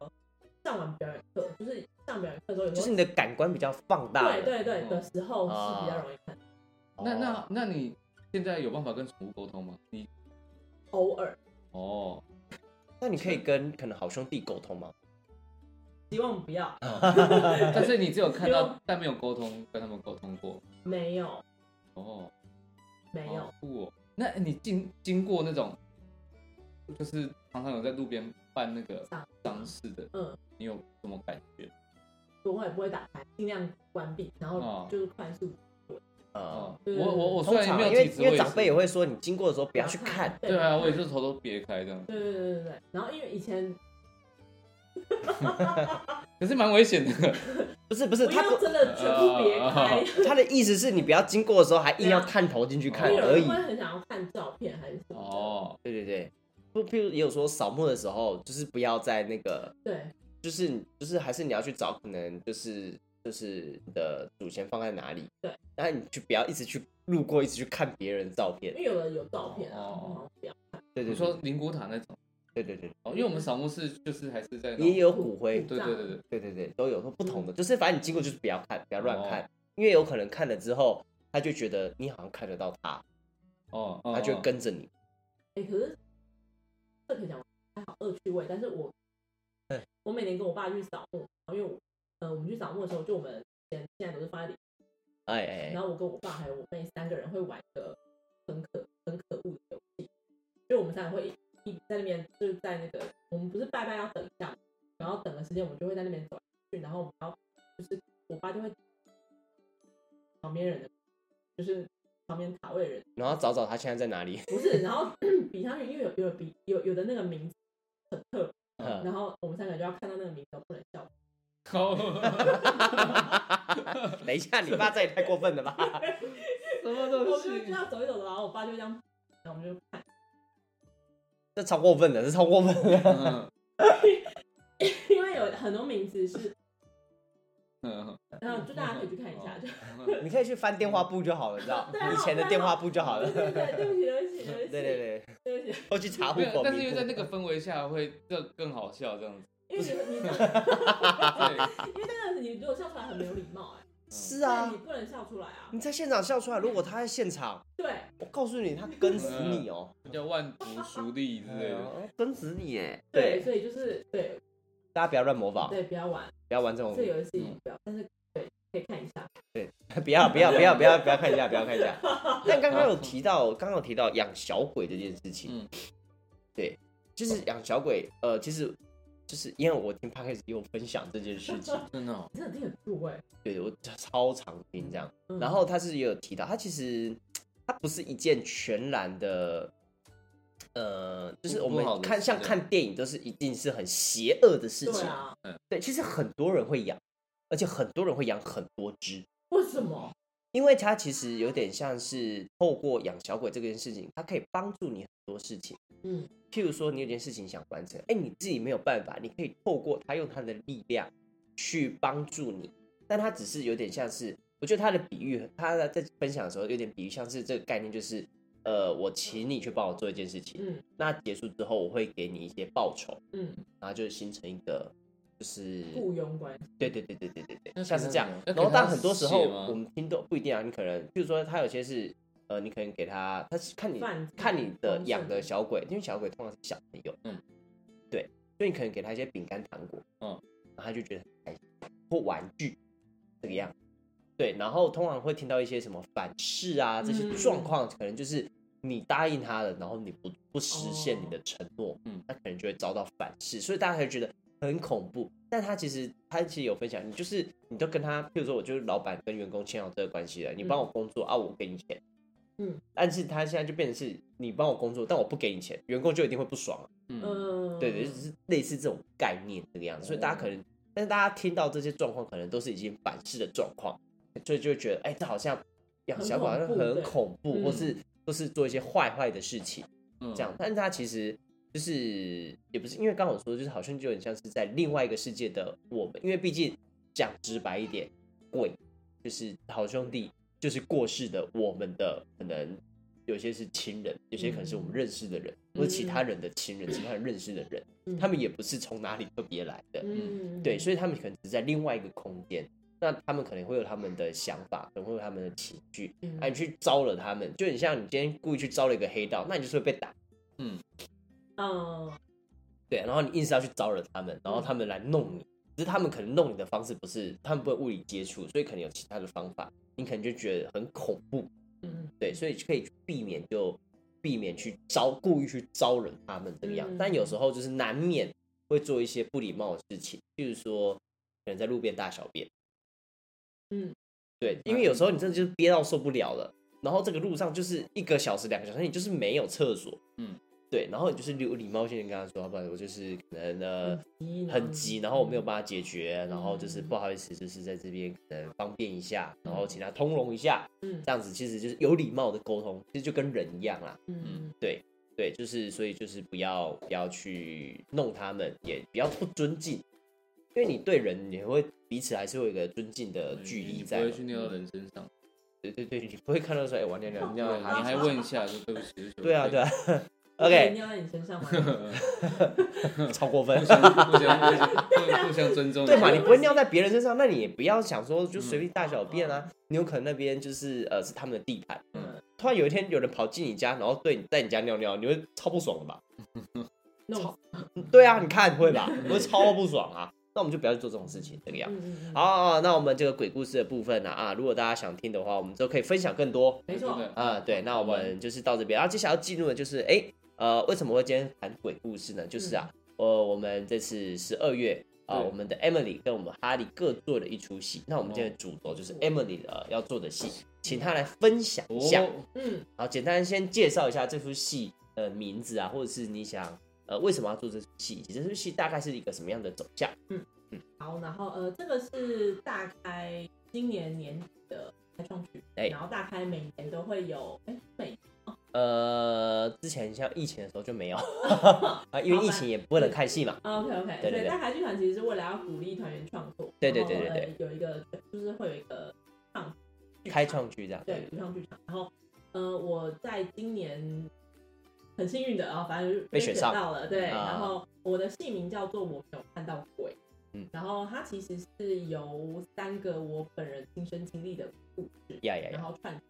上完表演課，就是上表演課的時候有，就是你的感官比較放大，對對對、哦、的時候是比較容易看、啊。那那那你現在有辦法跟寵物溝通嗎？你偶爾哦，那你可以跟可能好兄弟溝通嗎？希望不要， 但是你只有看到但沒有溝通跟他們溝通過，沒有哦。沒、哦、有、哦。那你，你經經過那種，就是常常有在路邊辦那個喪事的，嗯，你有什麼感覺？我我也不會打開，盡量關閉，然後就是快速我嗯，嗯就是、我我我通常我雖然沒有我因為因為長輩也會說你經過的時候不要去看。看對，對啊，我也是頭都別開的。對對對對對。然後，因為以前。 可是蠻危險的 不，不是不是，他真的區別、呃呃呃呃呃。他的意思是你不要經過的時候還硬要探頭進去看而已。啊、因為有人會很想要看照片還是什麼？哦，對對對，不，譬如也有說掃墓的時候，就是不要在那個，對，就是就是還是你要去找可能就是就是你的祖先放在哪裡。對，然後你去不要一直去路過，一直去看別人的照片，因為有人有照片、啊、哦。不要看。對對，對，你說靈骨塔那種。對對對，哦，因為我們掃墓是就是還是在也有骨灰，對對對對對對對,對對對，都有，不同的、嗯，就是反正你經過就是不要看，不要亂看、哦，因為有可能看了之後，他就覺得你好像看得到他，哦，他就會跟着你。哎、哦哦欸，可是這可講還好惡趣味，但是我、欸，我每年跟我爸去掃墓，然後因為我，呃，我們去掃墓的時候，就我們現現在都是放在裡，哎哎，然後我跟我爸還有我妹三個人會玩一個很可很可惡的遊戲，就我們三個會一。在那邊就是在那個，我們不是拜拜要等一下，然後等的時間我們就會在那邊走去，然後我們要就是我爸就會旁邊人的就是旁邊塔位的人，然後找找他現在在哪裡。不是，然後比上去，因為有有比有有的那個名字很特，然後我們三個人就要看到那個名字我不能笑。好， 等一下，你爸這也太過分了吧？ 什麼東西？我們就要走一走，走，然後我爸就這樣，然後我們就看。這超過分的，這超過分的，嗯，嗯、 因為有很多名字是，嗯，嗯，就大家可以去看一下，嗯嗯、 你可以去翻電話簿就好了，你知道、啊啊、以前的電話簿就好了對對對對。對不起，對不起，對對對，對不起。會去查戶口名，但是又在那個氛圍下會更更好笑這樣子， 因為你你， 對，因為那個你如果笑出來很沒有禮貌啊、欸。是啊，你不能笑出來啊！你在現場笑出來，如果他在現場，對，我告訴你，他跟死你哦、喔，叫、嗯、萬劫熟地之類的，跟死你耶、欸！對，所以就是對，大家不要亂模仿，對，不要玩，不要玩這種這遊戲，不要、嗯，但是對，可以看一下，對，不要不要不要不要不要看一下，不要看一下。 但剛剛有提到，剛剛有提到養小鬼這件事情，嗯、對，就是養小鬼，呃，其實。就是因為我聽 Parker 給我分享這件事情，真的，真的聽很入哎。對，我超常聽這樣。嗯、然後他是也有提到，他其實他不是一件全然的，呃，就是我們看不不像看電影都是一定是很邪惡的事情。嗯、啊，對，其實很多人會養，而且很多人會養很多隻。為什麼？因為它其實有點像是透過養小鬼這件事情，它可以幫助你很多事情。嗯，譬如說你有件事情想完成，哎，你自己沒有辦法，你可以透過他用他的力量去幫助你。但他只是有點像是，我覺得他的比喻，他在分享的時候有點比喻，像是這個概念就是，呃，我請你去幫我做一件事情，嗯，那結束之後我會給你一些報酬，嗯，然後就形成一個。就是僱傭關係，對對對對對對對，像是這樣。然後，但很多時候我們聽都不一定啊，你可能，比如說他有些是，呃，你可能給他，他是看你看你的養的小鬼、嗯，因為小鬼通常是小朋友，嗯，對，所以你可能給他一些餅乾糖果，嗯，然後他就覺得很或玩具這個樣子，對。然後通常會聽到一些什麼反噬啊這些狀況、嗯，可能就是你答應他的，然後你不不實現你的承諾、哦，嗯，他可能就會遭到反噬，所以大家才覺得。很恐怖，但他其實他其實有分享，你就是你都跟他，譬如說我就是老闆跟員工簽好這個關係了，你幫我工作、嗯、啊，我給你錢，嗯，但是他現在就變成是你幫我工作，但我不給你錢，員工就一定會不爽、啊，嗯，對對，就是類似這種概念這個樣子，所以大家可能，嗯、但是大家聽到這些狀況，可能都是已經反噬的狀況，所以就覺得哎、欸，這好像養小鬼好像很恐怖，恐怖或是、嗯、都是做一些壞壞的事情、嗯，這樣，但是他其實。就是也不是，因為剛我說的，就是好像就很像是在另外一個世界的我們，因為畢竟講直白一點，鬼就是好兄弟，就是過世的我們的，可能有些是親人，有些可能是我們認識的人，嗯、或者其他人的親人、嗯，其他人認識的人，嗯、他們也不是從哪裡特別來的、嗯，對，所以他們可能只是在另外一個空間，那他們可能會有他們的想法，可能會有他們的情緒，哎、啊，你去招惹他們，就很像你今天故意去招了一個黑道，那你就是會被打，嗯。哦、哦，對，然後你硬是要去招惹他們，然後他們來弄你，其、嗯、是他們可能弄你的方式不是，他們不會物理接觸，所以可能有其他的方法，你可能就覺得很恐怖，嗯，對，所以可以避免就避免去招，故意去招惹他們這樣、嗯，但有時候就是難免會做一些不禮貌的事情，譬如說可能在路邊大小便，嗯，對，因為有時候你真的就是憋到受不了了，然後這個路上就是一個小時兩個小時，你就是沒有廁所，嗯。對，然後就是有禮貌性的跟他說，不好我就是可能呃很急，、啊、很急，然後我沒有辦法解決、嗯，然後就是不好意思，就是在這邊可能方便一下，然後請他通融一下，嗯，這樣子其實就是有禮貌的溝通，其實就跟人一樣啊，嗯，對對，就是所以就是不要不要去弄他們，也比較不尊敬，因為你對人也會彼此還是會有一個尊敬的距離在，你不會去弄到人身上，對對對，你不會看到說哎王聊聊，你還問一下說對不起，對啊對啊。對啊 OK，可以尿在你身上嗎？ 超過分！互相互相互相尊重， 對嘛？你不會尿在別人身上，那你也不要想說就隨便大小便啊！嗯、你有可能那邊就是呃是他們的地盤、嗯，突然有一天有人跑進你家，然後對在你家尿尿，你會超不爽的吧？超對啊！你看你會吧？你會超不爽啊！ 那我們就不要去做這種事情，這個樣。嗯、好、哦，那我們這個鬼故事的部分呢、啊？啊，如果大家想聽的話，我們都可以分享更多。沒錯，啊、呃，對，那我們就是到這邊，然、嗯、後、啊、接下來要進入的就是、欸呃，為什麼會今天談鬼故事呢？就是啊，嗯、呃，我們這次十二月啊、呃，我們的 Amily 跟我們哈利各做了一出戲、嗯，那我們今天主軸就是 Amily 的、嗯呃、要做的戲、嗯，請她來分享一下。嗯，好，簡單先介紹一下這出戲的名字啊，或者是你想呃為什麼要做這出戲？這出戲大概是一個什麼樣的走向？嗯嗯，好，然後呃，這個是大概今年年底的開幕劇，然後大概每年都會有哎每。欸呃，之前像疫情的時候就沒有啊， 因為疫情也不能看戲嘛。OK OK，對對對，對。但台劇團其實是為了要鼓勵團員創作，對對對對對，有一個就是會有一個創，開創劇這樣。對，獨創劇場。然後，呃，我在今年很幸運的，然後反正就被選到了選上，對。然後我的戲名叫做我沒有看到鬼，嗯。然後它其實是由三個我本人親身經歷的故事，呀呀呀，然後串。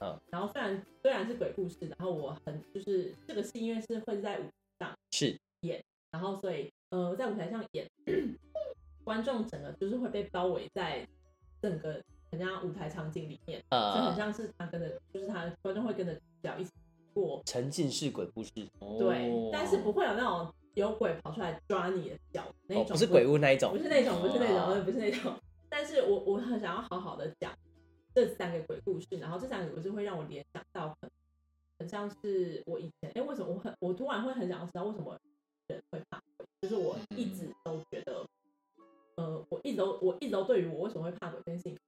嗯，然後雖然雖然是鬼故事，然後我很就是這個戲，因為是會在舞台上演是演，然後所以呃在舞台上演，嗯、觀眾整個就是會被包圍在整個人家舞台場景裡面，就、嗯、很像是他跟着，就是他觀眾會跟着腳一起過沉浸式鬼故事、哦。對，但是不會有那種有鬼跑出來抓你的腳那種不、哦，不是鬼屋那一種，不是那種，不是那一種、哦、不是那種，不是那種、哦。但是我我很想要好好的講。這三個鬼故事，然後這三個鬼故事會讓我聯想到很像是我以前，哎，為什麼我很我突然會很想要知道為什麼人會怕鬼？就是我一直都覺得，呃，我一直都我一直都對於我為什麼會怕鬼這件事情，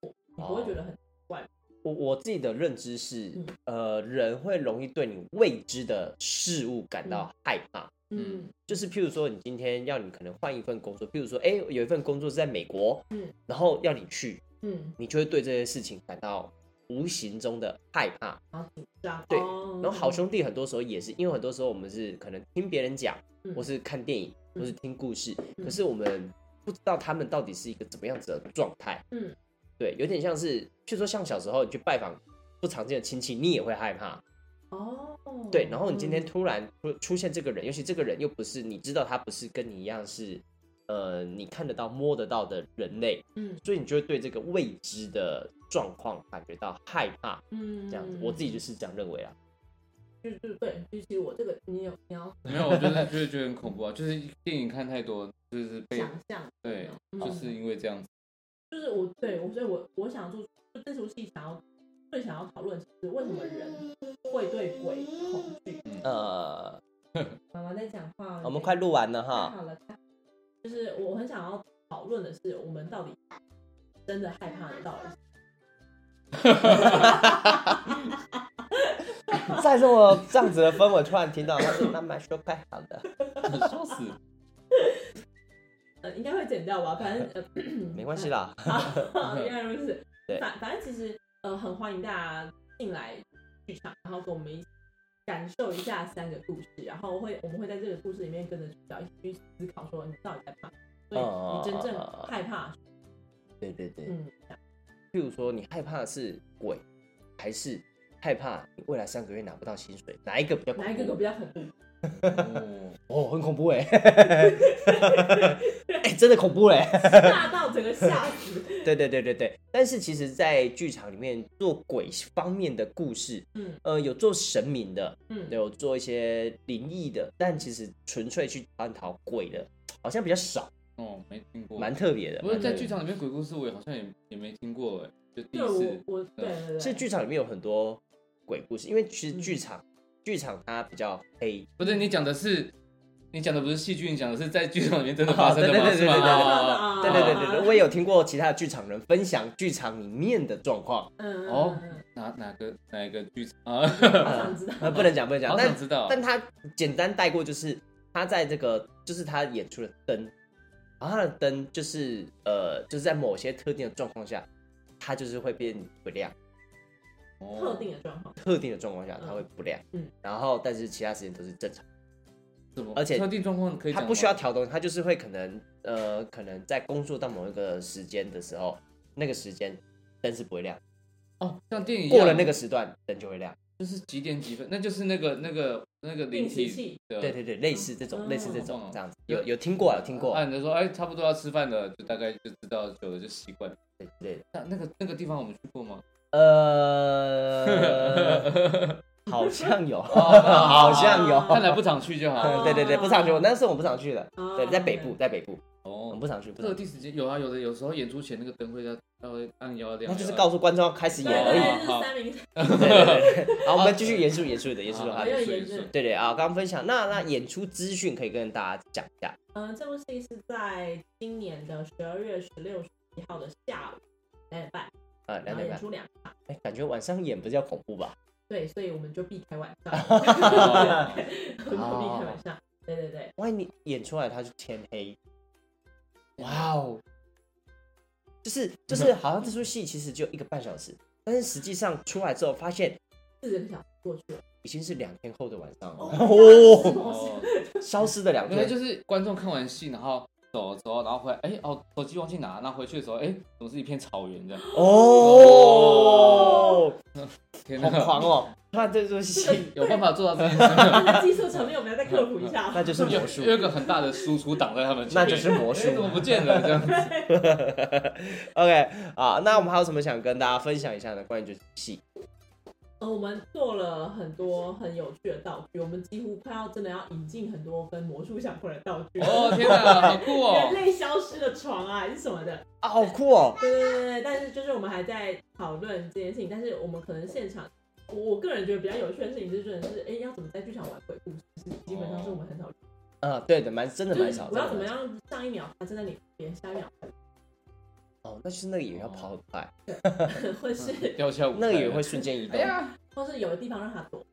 你不會覺得很怪？哦、我我自己的認知是、嗯，呃，人會容易對你未知的事物感到害怕。嗯，嗯，就是譬如說，你今天要你可能換一份工作，譬如說，哎，有一份工作是在美國，嗯，然後要你去。嗯， 你就會對這些事情感到無形中的害怕。啊，對。然後好兄弟很多時候也是，因為很多時候我們是可能聽別人講，或是看電影，或是聽故事，可是我們不知道他們到底是一個怎麼樣子的狀態。嗯，對，有點像是，就說像小時候你去拜訪不常見的親戚，你也會害怕。哦，對。然後你今天突然出出現這個人，尤其這個人又不是，你知道他不是跟你一樣是。呃，你看得到、摸得到的人類，嗯，所以你就會對這個未知的狀況感覺到害怕，嗯，這樣子，我自己就是這樣認為啦，就是對，就是、其實我這個你有你要 沒有，我覺得就是覺得很恐怖啊，就是電影看太多，就是被想象，對、嗯，就是因為這樣子，就是我對我，所以我我想做，就這齣戲想要最想要討論，是為什麼人會對鬼恐懼、嗯嗯？呃，媽媽在講話，我們快錄完了哈， 好了。 就是我很想要討論的是，我們到底真的害怕到的道理。再這這樣子的分，我突然聽到，慢慢說，快好的。你說死？應該會剪掉吧，反正 沒關係啦。哈 哈，如此。 對，反反正其實呃，很歡迎大家進來劇場，然後跟我們。一起。感受一下三個故事，然後我會我們會在這個故事裡面跟着主角一起去思考，說你到底在怕，所以你真正害怕。啊、對對對、嗯啊，譬如說你害怕的是鬼，還是害怕你未來三個月拿不到薪水，哪一個比較，哪一個更比較恐怖？ 哦，很恐怖哎！哎、 欸，真的恐怖哎，嚇到整個嚇死！對對對對對。但是其實，在劇場裡面做鬼方面的故事，嗯，呃，有做神明的，嗯，有做一些靈異的，但其實純粹去探討鬼的，好像比較少。哦、嗯，沒聽過，蠻特別的。不在劇場裡面鬼故事，我也好像也也沒聽過，哎，就第一我，我，對、對、對，是劇場裡面有很多鬼故事，因為其實劇場。嗯劇場它比較黑，不是你講的是，你講的不是戲劇，你講的是在劇場裡面真的發生的嗎？哦、對對對對對對對對對，我也有聽過其他的劇場人分享劇場裡面的狀況。嗯，哦，哪哪，哪個哪個劇場啊，啊？好想知道，不能講不能講。好想知道，但但他簡單帶過，就是他在這個，就是他演出的燈，然後他的燈就是呃，就是在某些特定的狀況下，它就是會變不亮。特定的狀況，特定的狀況下它會不亮，嗯，然後但是其他時間都是正常，而且特定狀況可以，它不需要調東西，它就是會可能呃，可能在工作到某一個時間的時候，那個時間燈是不會亮，哦，像電影過了那個時段燈就會亮，就是幾點幾分，那就是那個那個那個定時器，對對對，類似這種類似這種這樣子，有有聽過、啊、有聽過，哎，你就說哎，差不多要吃飯了，就大概就知道久了就習慣了，對對，那那個那個地方我們去過嗎？呃， 好像有，哦、 好像有，看來不常去就好、哦。對對對，不常去，哦、我那是我不常去的、哦。對，在北部，在北部。哦，我們不常去。特定時間有啊，有的有時候演出前那個燈會要稍微暗一點，那、啊、就是告訴觀眾開始演而已。對對對就是、三好， 對對對好，我們繼續演出，演出的演出的對對，對對啊，剛、哦、剛分享那那演出資訊可以跟大家講一下。嗯、呃，這部戲是在今年的十二月十六號的下午兩點半。演出兩場，哎，感覺晚上演比較恐怖吧？對，所以我們就避開晚上，避開晚上。對對對，萬一你演出來，它是天黑。哇、wow. 哦、就是，就是就是，好像這出戲其實就一個半小時，mm -hmm. 但是實際上出來之後，發現四十個小時過去了，已經是兩天後的晚上了。Oh、God, 哦，消 失的兩天，有有就是觀眾看完戲，然後。走走，然後回來，哎，哦，手機忘記拿，那回去的時候，哎，怎麼是一片草原這樣哦？哦，天哪，好狂哦！那這就是戲， 有辦法做到這件事情，技術層面我們要再克服一下？那就是魔術，有一個很大的輸出擋在他們前面。 那就是魔術，怎麼不見了？ 對這樣子。 OK，啊，那我們還有什麼想跟大家分享一下呢？關於這戲。呃，我們做了很多很有趣的道具，我們幾乎快要真的要引進很多跟魔術相關的道具。哦，天哪，好酷哦！人類消失的床啊，還是什麼的啊，好酷哦！對對對對，但是就是我們還在討論這件事情，但是我們可能現場，我個人覺得比較有趣的事情就是，是，真的是，哎，要怎麼在劇場玩鬼故事？基本上是我們很少。嗯、oh. 就是，uh, 對的，蠻真的蠻少、就是。我要怎麼樣？上一秒發生的你，別人下一秒。哦，那就是那個也要跑很快，或是掉下舞台，那個也會瞬間移動、哎。或是有的地方讓他躲。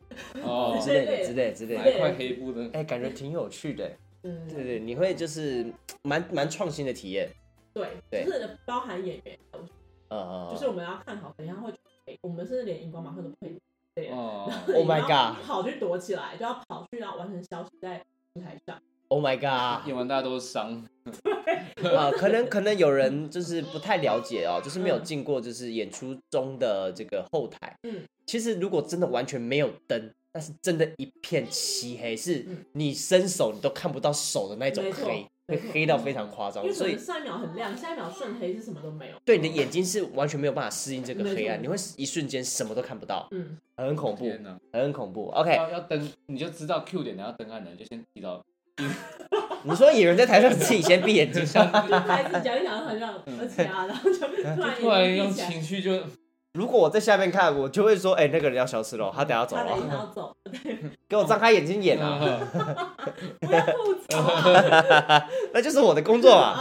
哦，對對對，之類之類，一塊黑布的，哎、欸，感覺挺有趣的。對對對，你會就是蠻蠻創新的體驗。對對，就是包含演員。嗯、呃、嗯。就是我們要看好，等一下會，我們甚至連熒光馬克都不會。對，哦。Oh my god！跑去躲起來，哦要起來嗯、就要跑去，然後完成消失在舞台上。Oh my god！演完大家都傷。啊、 呃，可能可能有人就是不太了解哦，就是沒有進過就是演出中的這個後台。嗯，其實如果真的完全沒有燈，但是真的一片漆黑，是你伸手你都看不到手的那種黑，會黑到非常誇張。所以上一秒很亮，下一秒瞬黑是什麼都沒有。對，你的眼睛是完全沒有辦法適應這個黑暗，你會一瞬間什麼都看不到，嗯，很恐怖，天哪，很恐怖。OK，要燈，你就知道 Q 點，你要燈暗了就先提到。 你說演員在台上自己先閉眼睛，上 講然，然後就突然就突然用情緒就， 如果我在下面看，我就會說，哎、欸，那個人要消失了，他等下要走啊， 給我張開眼睛演啊，走、 啊， 那就是我的工作啊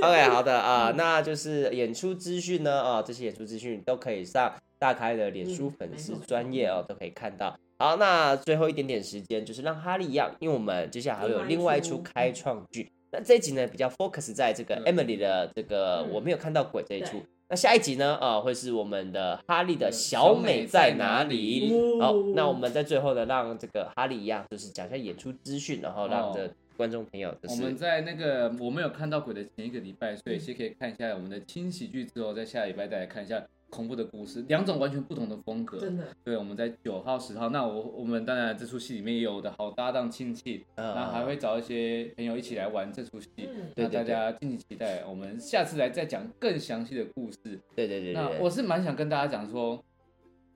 ，OK 好的啊、呃，那就是演出資訊呢，啊、呃，這些演出資訊都可以上大開的臉書粉絲專頁啊，都可以看到。好，那最後一點點時間，就是讓哈利一樣，因為我們接下來還有另外一出開創劇、嗯嗯。那這一集呢，比較 focus 在這個 Amily 的這個我沒有看到鬼這一出、嗯。那下一集呢，啊、呃，會是我們的哈利的小美在哪裡，在哪裡、嗯？好，那我們在最後呢，讓這個哈利一樣，就是講一下演出資訊，然後讓我們的觀眾朋友、就是。我們在那個我沒有看到鬼的前一個禮拜，所以先可以看一下我們的輕喜劇，之後在下禮拜再來看一下。恐怖的故事，兩種完全不同的風格，真的。對，我們在九號、十號。那我，我們當然這齣戲裡面也有我的好搭檔親戚，oh. 然後還會找一些朋友一起來玩這齣戲。對，對，對，對，大家敬請期待，我們下次來再講更詳細的故事。對對對，對，對，對。那我是蠻想跟大家講說，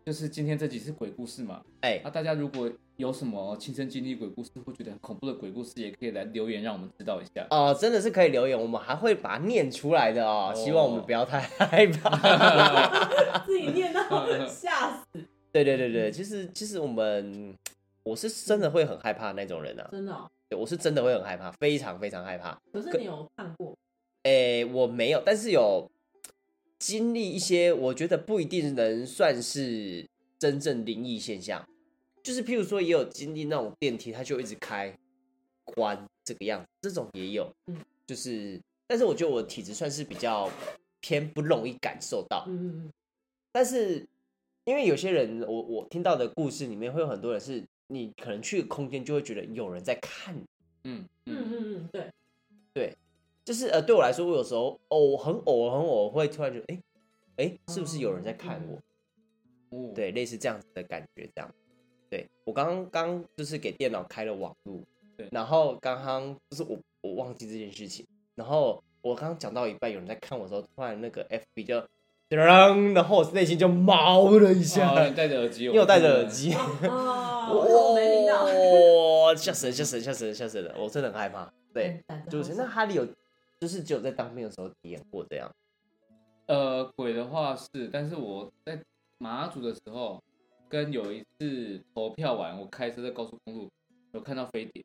就是今天這集是鬼故事嘛。哎，那大家如果，有什麼親身經歷鬼故事，或覺得很恐怖的鬼故事，也可以來留言，讓我們知道一下哦、呃、真的是可以留言，我們還會把它念出來的哦。Oh. 希望我們不要太害怕， 自己念到嚇死。 對對對對，其實其實我們，我是真的會很害怕的那種人啊，真的、哦，對，我是真的會很害怕，非常非常害怕。可是你有看過？哎、欸，我沒有，但是有經歷一些，我覺得不一定能算是真正靈異現象。就是，譬如說，也有經歷那種電梯，它就一直開關這個樣子，這種也有。就是，但是我覺得我的體質算是比較偏不容易感受到。嗯、但是因為有些人我，我我聽到的故事裡面會有很多人是，你可能去空間就會覺得有人在看。嗯嗯嗯嗯，對，對，就是呃，對我來說，我有時候偶、呃、很偶很偶，很偶會突然就哎哎、欸欸，是不是有人在看我？哦、對、哦，類似這樣子的感覺，這樣。對，我剛剛就是給電腦開了網路。對，然後剛剛就是我我忘記這件事情，然後我剛剛講到一半，有人在看我的時候，突然那個 F B 就嚕嚕，然後我內心就毛了一下，哦、你戴着耳機，因為我戴着耳機，哇哇嚇死嚇死嚇死嚇死了，我真的很害怕。對，嗯、就是人、嗯，那哈利有就是只有在當兵的時候體驗過這樣，呃，鬼的話是，但是我在馬祖的時候。跟有一次投票完，我開車在高速公路，有看到飛碟。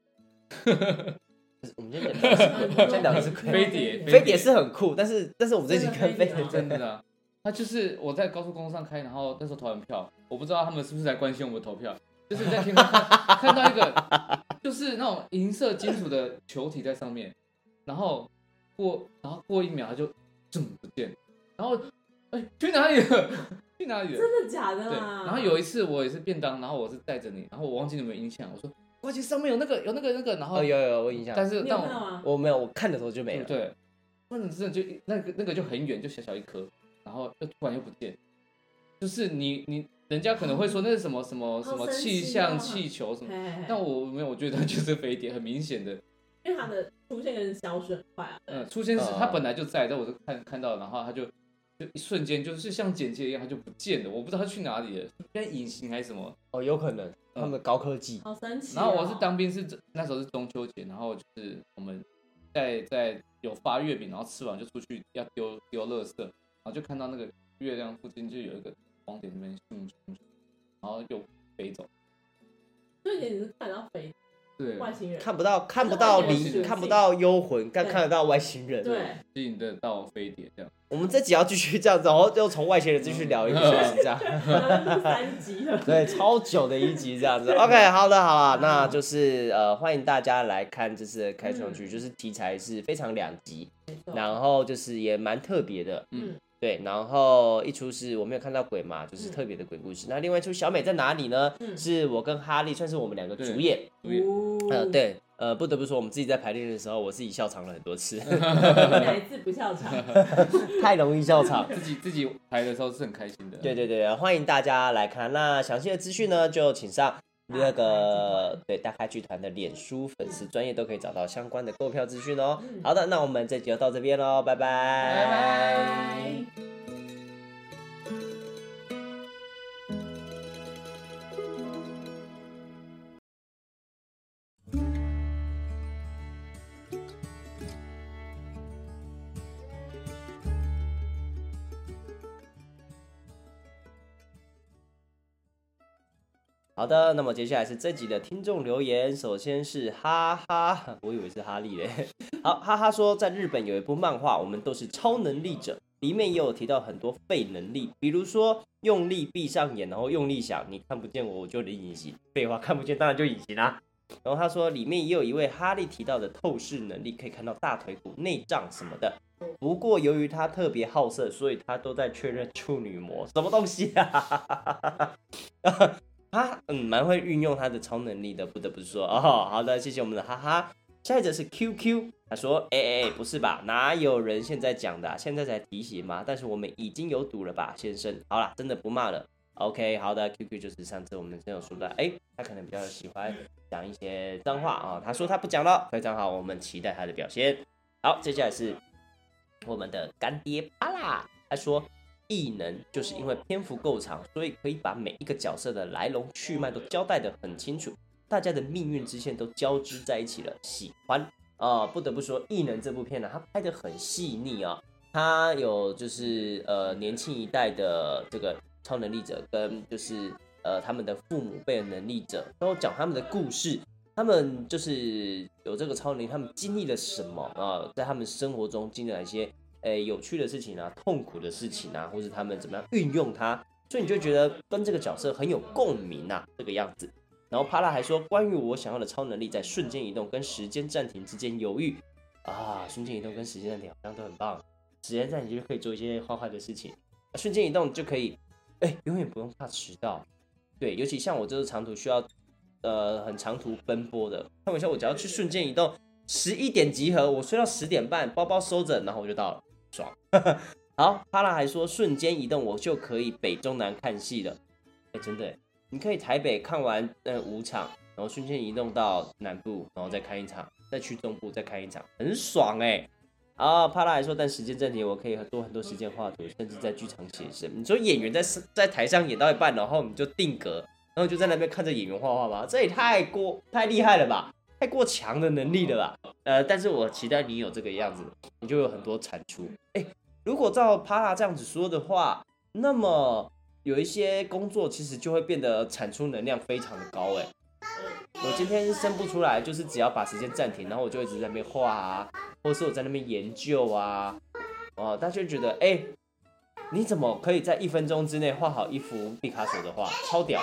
我們先飛碟，飛碟，飛碟是很酷，但是，但是我們最近看飛碟，真的，啊啊啊，他就是我在高速公路上開，然後那時候投完票，我不知道他們是不是在關心我們投票，就是在天看，看到一個，就是那種銀色金屬的球體在上面，然後過，然後過一秒他就就不見，然後哎、欸、去哪裡了？啊、真的假的？對。然後有一次我也是便當，然後我是帶着你，然後我忘記你有沒有印象。我說，忘記上面有那個有那個那個。然後、哦、有有有印象，但是但、啊、我，我沒有，我看的時候就沒有了。對，那種真的就那個那個就很遠，就小小一顆，然後就突然又不見，就是你你人家可能會說那是什麼什麼什麼氣象氣、哦啊、球什麼嘿嘿，但我沒有，我覺得就是飛碟，很明顯的，因為它的出現消失很快、啊。啊。嗯，出現是它本來就在，哦、但我都看看到，然後它就。一瞬間就是像剪接一樣，它就不見了。我不知道它去哪裡了，跟隱形還是什麼？哦，有可能，嗯、他們的高科技。好神奇、哦！然後我是當兵是，是那時候是中秋節，然後就是我們在在有發月餅，然後吃完就出去要丟丟垃圾，然後就看到那個月亮附近就有一個光點在那邊，嗯，然後又飛走。重點是看到飛。對外星人，看不到，看不到靈，看不到幽魂，看，看得到外星人，對，引得到飛碟這樣。我們這集要繼續這樣子，然後就從外星人繼續聊一個，這樣三集，嗯、 對，超久的一集這樣子。 OK，好的，好啊 那就是呃，歡迎大家來看這次的開窗劇、嗯，就是題材是非常兩極，沒錯，然後就是也蠻特別的，嗯。嗯對，然後一出是，我沒有看到鬼嘛，就是特別的鬼故事。嗯、那另外一出小美在哪裡呢、嗯？是我跟哈利，算是我們兩個主演。哦、呃，對，呃，不得不說，我們自己在排練的時候，我自己笑場了很多次。哪一 次不笑場， 太容易笑場。自己自己排的時候是很開心的、啊。對對對，歡迎大家來看。那詳細的資訊呢，就請上。第二個對大咖劇團的臉書粉絲專頁都可以找到相關的購票資訊哦、嗯。好的，那我們這集就到這邊嘍，拜拜。拜拜好的，那麼接下來是這集的聽眾留言。首先是哈哈，我以為是哈利嘞。好，哈哈說在日本有一部漫畫，我們都是超能力者，裡面也有提到很多廢能力，比如說用力閉上眼，然後用力想，你看不見我，我就隱形。廢話，看不見當然就隱形啦、啊。然後他說裡面也有一位哈利提到的透視能力，可以看到大腿骨、內臟什麼的。不過由於他特別好色，所以他都在確認處女膜，什麼東西啊？ 哈，嗯，蠻會運用他的超能力的，不得不說哦。好的，謝謝我們的哈哈。下一則是 Q Q，他說，哎、欸、哎、欸，不是吧，哪有人現在講的、啊，現在才提醒嗎？但是我們已經有賭了吧，先生。好啦，真的不罵了。OK，好的，Q Q 就是上次我們這樣說的，哎、欸，他可能比較喜歡講一些髒話啊、哦。他說他不講了，非常好，我們期待他的表現。好，接下來是我們的乾爹巴拉，他說。異能就是因為篇幅夠長，所以可以把每一個角色的來龍去脈都交代得很清楚，大家的命運之線都交織在一起了。喜歡啊，呃，不得不說，異能這部片呢，它拍得很細膩啊。它有就是呃年輕一代的這個超能力者，跟就是呃他們的父母輩的能力者，然後講他們的故事，他們就是有這個超能力，他們經歷了什麼啊，在他們生活中經歷了一些。哎，有趣的事情啊，痛苦的事情啊，或者他們怎麼樣運用它，所以你就覺得跟這個角色很有共鳴吶、啊，這個樣子。然後帕拉還說，關於我想要的超能力，在瞬間移動跟時間暫停之間猶豫。啊，瞬間移動跟時間暫停好像都很棒，時間暫停就可以做一些壞壞的事情，瞬間移動就可以，哎，永遠不用怕遲到。對，尤其像我這種長途需要，呃，很長途奔波的，開玩笑，我只要去瞬間移動，十一點集合，我睡到十點半，包包收着，然後我就到了。爽， 好，帕拉還說瞬間移動我就可以北中南看戲了，哎、欸、真的，你可以台北看完嗯五、呃、場，然後瞬間移動到南部，然後再看一場，再去中部再看一場，很爽哎，啊帕拉還說，但時間暫停，我可以很多很多時間畫圖，甚至在劇場寫生。你說演員在在台上演到一半，然後你就定格，然後就在那邊看着演員畫畫吧，這也太過太厲害了吧？太過強的能力了啦，呃，但是我期待你有這個樣子，你就有很多產出、欸。如果照帕拉這樣子說的話，那麼有一些工作其實就會變得產出能量非常的高、欸。我今天生不出來，就是只要把時間暫停，然後我就一直在那邊畫啊，或者是我在那邊研究啊，哦，大家就覺得哎、欸，你怎麼可以在一分鐘之內畫好一幅畢卡索的畫？超屌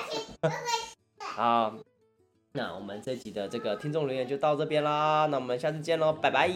啊！那我們這集的這個聽眾留言就到這邊啦，那我們下次見嘍，拜拜。